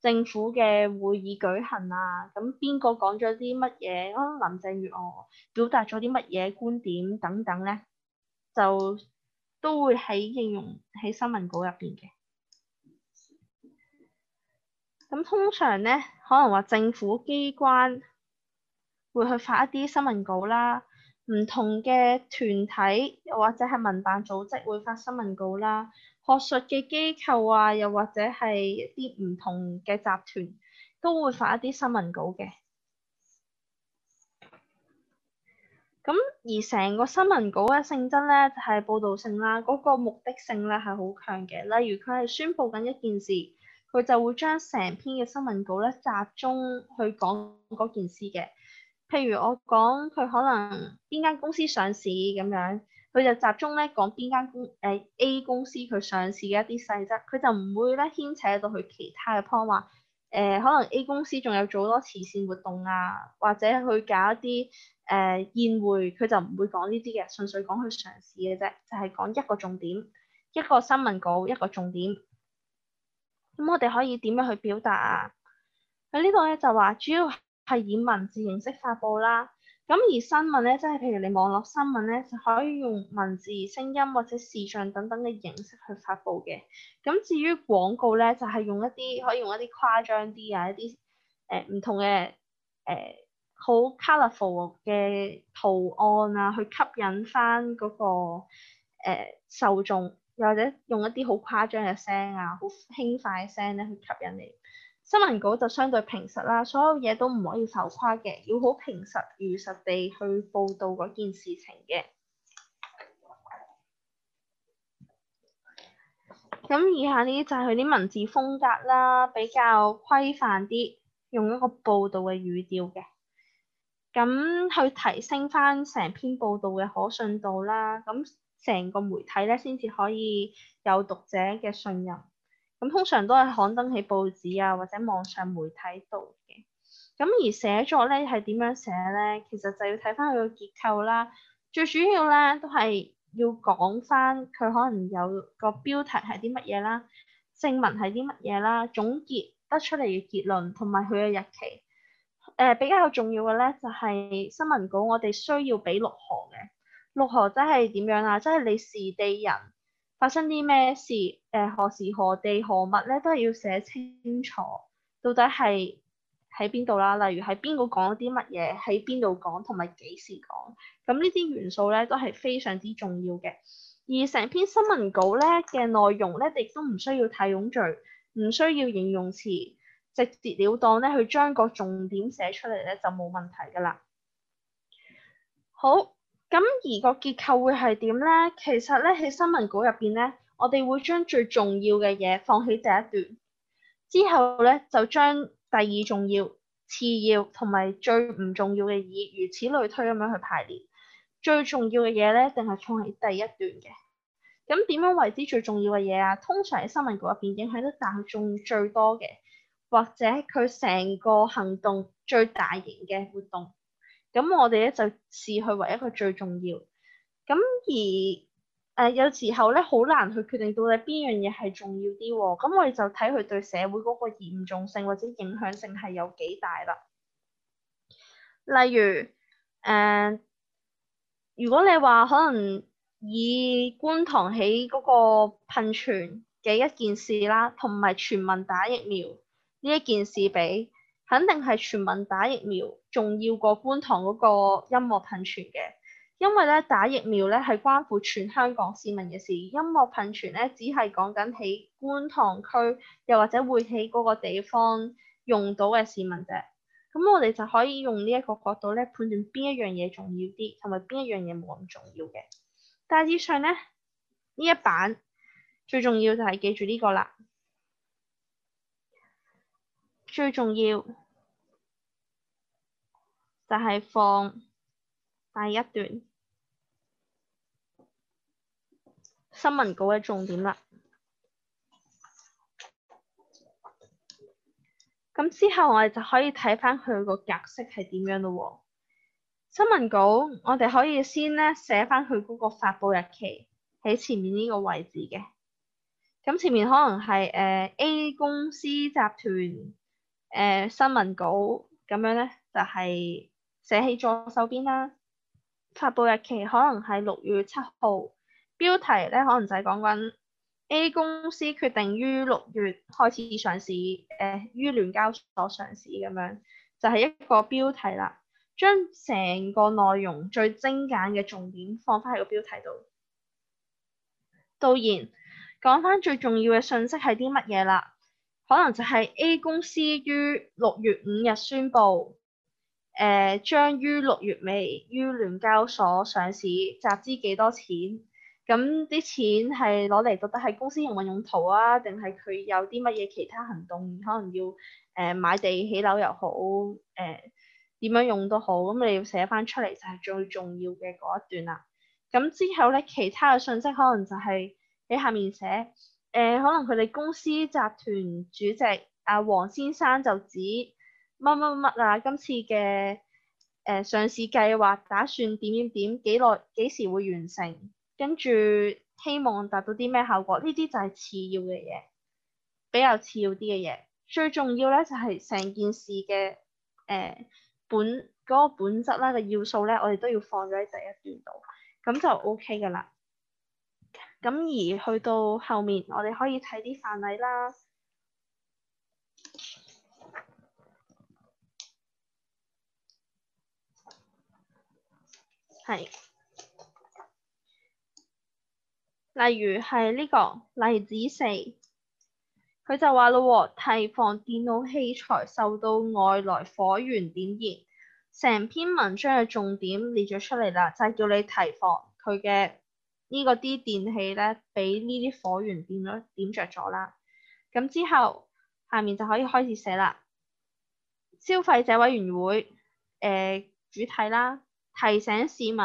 政府嘅會議舉行啊，咁邊個講咗啲乜嘢，可能林鄭月娥表達咗啲乜嘢觀點等等咧，就都會喺應用喺新聞稿入邊嘅。咁通常咧，可能話政府機關。會去發一啲新聞稿啦，唔同嘅團體又或者係民辦組織會發新聞稿啦，學術嘅機構啊，又或者係一啲唔同嘅集團都會發一啲新聞稿嘅。咁而成個新聞稿嘅性質咧，就係報導性啦，嗰個目的性咧係好強嘅。例如佢係宣佈緊一件事，佢就會將成篇嘅新聞稿咧集中去講嗰件事嘅。譬如我講佢可能邊間公司上市咁樣，佢就集中咧講邊間公誒、呃、A 公司佢上市嘅一啲細則，佢就唔會咧牽扯到佢其他嘅 point，話誒可能 A 公司仲有做多慈善活動啊，或者去搞一啲誒、呃、宴會，佢就唔會講呢啲嘅，純粹講佢上市嘅啫，就係、是、講一個重點，一個新聞稿，一個重點。咁我哋可以點樣去表達啊？喺呢度咧就話主要。係以文字形式發布啦，咁而新聞咧，即係譬如你網絡新聞咧，就可以用文字、聲音或者視像等等嘅形式去發布嘅。咁至於廣告咧，就係、是、用一啲可以用一啲誇張啲啊，一啲誒唔同嘅誒好 colourful 嘅圖案啊，去吸引翻嗰、嗰個、呃、受眾，又或者用一啲好誇張嘅聲啊，好輕快嘅聲咧去吸引你。新聞稿就相對平實啦，所有嘢都唔可以浮誇嘅，要好平實、如實地去報導嗰件事情嘅。咁以下呢啲就係佢啲文字風格啦，比較規範啲，用一個報導嘅語調嘅。咁去提升翻成篇報導嘅可信度啦，咁成個媒體呢，先至可以有讀者嘅信任。咁通常都係刊登喺報紙啊，或者網上媒體度嘅。咁而寫作咧係點樣寫咧？其實就要睇返佢嘅結構啦。最主要咧都係要講返佢可能有個標題係啲乜嘢啦，正文係啲乜嘢啦，總結得出嚟嘅結論同埋佢嘅日期。誒、呃、比較重要嘅咧就係、是、新聞稿，我哋需要俾六何嘅。六何真係點樣啊？即、就、係、是、你時地人。發生啲咩事？誒、呃，何時、何地、何物咧，都係要寫清楚。到底係喺邊度啦？例如喺邊個講咗啲乜嘢，喺邊度講，同埋幾時講。咁呢啲元素咧都係非常之重要嘅。而成篇新聞稿咧嘅內容咧，亦都唔需要太用敘，唔需要形容詞，直接了當咧去將個重點寫出嚟咧就冇問題㗎啦。好。咁而個結構會係點咧？其實咧喺新聞稿入邊咧，我哋會將最重要嘅嘢放喺第一段，之後咧就將第二重要、次要同埋最唔重要嘅嘢，如此類推咁樣去排列。最重要嘅嘢咧，定係放喺第一段嘅。咁點樣為之最重要嘅嘢啊？通常喺新聞稿入邊，影響得大眾最多嘅，或者佢成個行動最大型嘅活動。咁我哋呢就視佢為一個最重要。咁而誒、呃、有時候呢，好難去決定到底邊樣嘢係重要啲喎、哦。咁我哋就睇佢對社會嗰個嚴重性或者影響性係有幾大啦。例如誒、呃，如果你話可能以觀塘起嗰個噴泉嘅一件事啦，同埋全民打疫苗呢一件事比，肯定係全民打疫苗。重要過觀塘嗰個音樂噴泉嘅。因為咧，打疫苗咧係關乎全香港市民嘅事，音樂噴泉咧只係講緊喺觀塘區，又或者會喺嗰個地方用到嘅市民啫。咁我哋就可以用呢一個角度咧，判斷邊一樣嘢重要啲，同埋邊一樣嘢冇咁重要嘅。大致上咧，呢一版最重要就係記住呢個啦，最重要就係放第一段新聞稿嘅重點啦。咁之後我哋就可以睇返佢個格式係點樣咯喎。新聞稿我哋可以先呢寫返佢嗰個發布日期喺前面呢個位置嘅。咁前面可能係、呃、A 公司集團誒、呃、新聞稿咁樣咧，就係、係。寫喺左手邊啦。發布日期可能係六月七號，標題咧可能就係講緊 A 公司決定於六月開始上市，誒、呃、於聯交所上市咁樣，就係、是、一個標題啦。將成個內容最精簡嘅重點放翻喺個標題度。導言講翻最重要嘅信息係啲乜嘢啦？可能就係 A 公司於六月五日宣布。誒、呃、將於六月尾於聯交所上市，集資幾多錢？咁啲錢係攞嚟到底係公司營運用途啊，定係佢有啲乜嘢其他行動？可能要誒、呃、買地起樓又好，誒、呃、點樣用都好，咁你要寫翻出嚟就係最重要嘅嗰一段啦。咁之後咧，其他嘅信息可能就係喺下面寫。誒、呃，可能佢哋公司集團主席阿黃、啊、先生就指。乜乜乜啊！今次嘅誒、呃、上市計劃打算點點點，幾耐幾時會完成？跟住希望達到啲咩效果？呢啲就係次要嘅嘢，比較次要啲嘅嘢。最重要咧就係、是、成件事嘅誒、呃、本嗰、那個本質啦，嘅要素咧，我哋都要放咗喺第一段度，咁就 OK 噶啦。咁而去到後面，我哋可以睇啲範例啦。例如係呢、這個例子四，佢就話嘞喎，提防電腦器材受到外來火源點燃。成篇文章嘅重點列咗出嚟啦，就係、是、叫你提防佢嘅呢個啲電器呢，俾呢啲火源點咗點著咗啦。咁之後下面就可以開始寫啦。消費者委員會，呃、主體啦。提醒市民，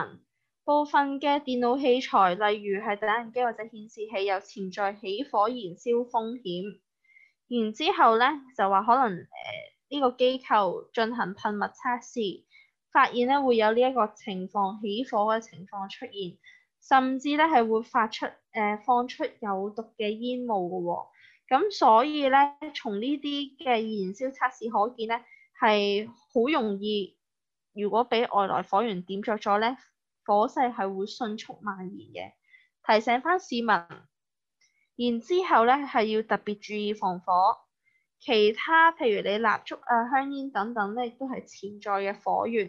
部分嘅電腦器材，例如係打印機或者顯示器，有潛在起火燃燒風險。然之後咧，就話可能誒呢、呃呢個機構進行噴墨測試，發現咧會有呢一個情況起火嘅情況出現，甚至咧係會發出誒、呃、放出有毒嘅煙霧嘅喎、哦。咁所以咧，從呢啲嘅燃燒測試可見咧，係好容易。如果畀外來火源點着咗呢，火勢係會迅速蔓延嘅。提醒翻市民，然之後呢係要特別注意防火。其他譬如你蠟燭啊、香煙等等呢，都係潛在嘅火源。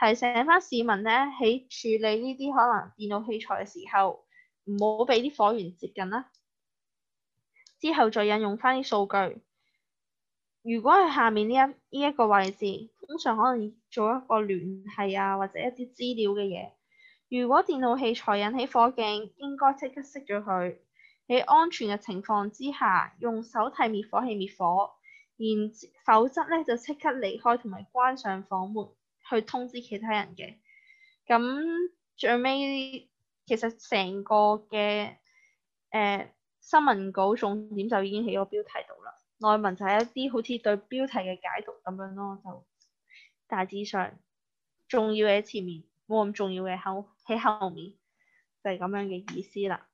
提醒翻市民呢，喺處理呢啲可能電腦器材嘅時候，唔好畀啲火源接近啦。之後再引用翻啲數據。如果係下面呢一呢一個位置，通常可能做一個聯繫啊，或者一啲資料嘅嘢。如果電腦器材引起火警，應該即刻熄咗佢。喺安全嘅情況之下，用手提滅火器滅火。然否則咧，就即刻離開同埋關上房門去通知其他人嘅。咁最尾其實成個嘅誒、呃、新聞稿重點就已經喺個標題度啦。內文就係一啲好似對標題嘅解讀咁樣咯，就大致上重要嘅喺前面，冇咁重要嘅後喺後面，就係咁樣嘅意思啦。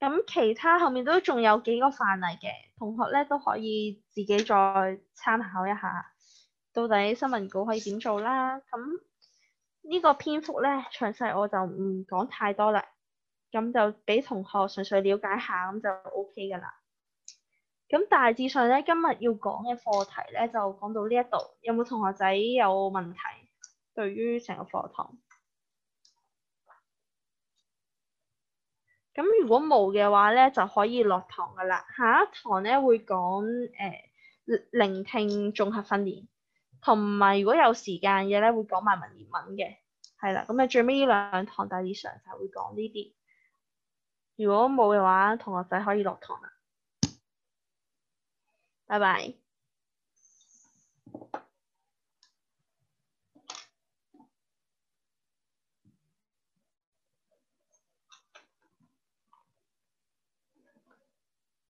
咁其他後面都仲有幾個範例嘅同學咧，都可以自己再參考一下，到底新聞稿可以點做啦。咁呢個篇幅咧，詳細我就唔講太多啦。咁就俾同學純粹了解下，咁就 OK 噶啦。咁大致上咧，今日要講嘅課題咧就講到呢一度，有冇同學仔有問題？對於成個課堂，咁如果冇嘅話咧，就可以落堂噶啦。下一堂咧會講誒、呃、聆聽綜合訓練，同埋如果有時間嘅咧會講埋文言文嘅，係啦。咁啊最尾呢兩堂大致上就會講呢啲。如果冇嘅話，同學仔可以落堂啦。拜拜。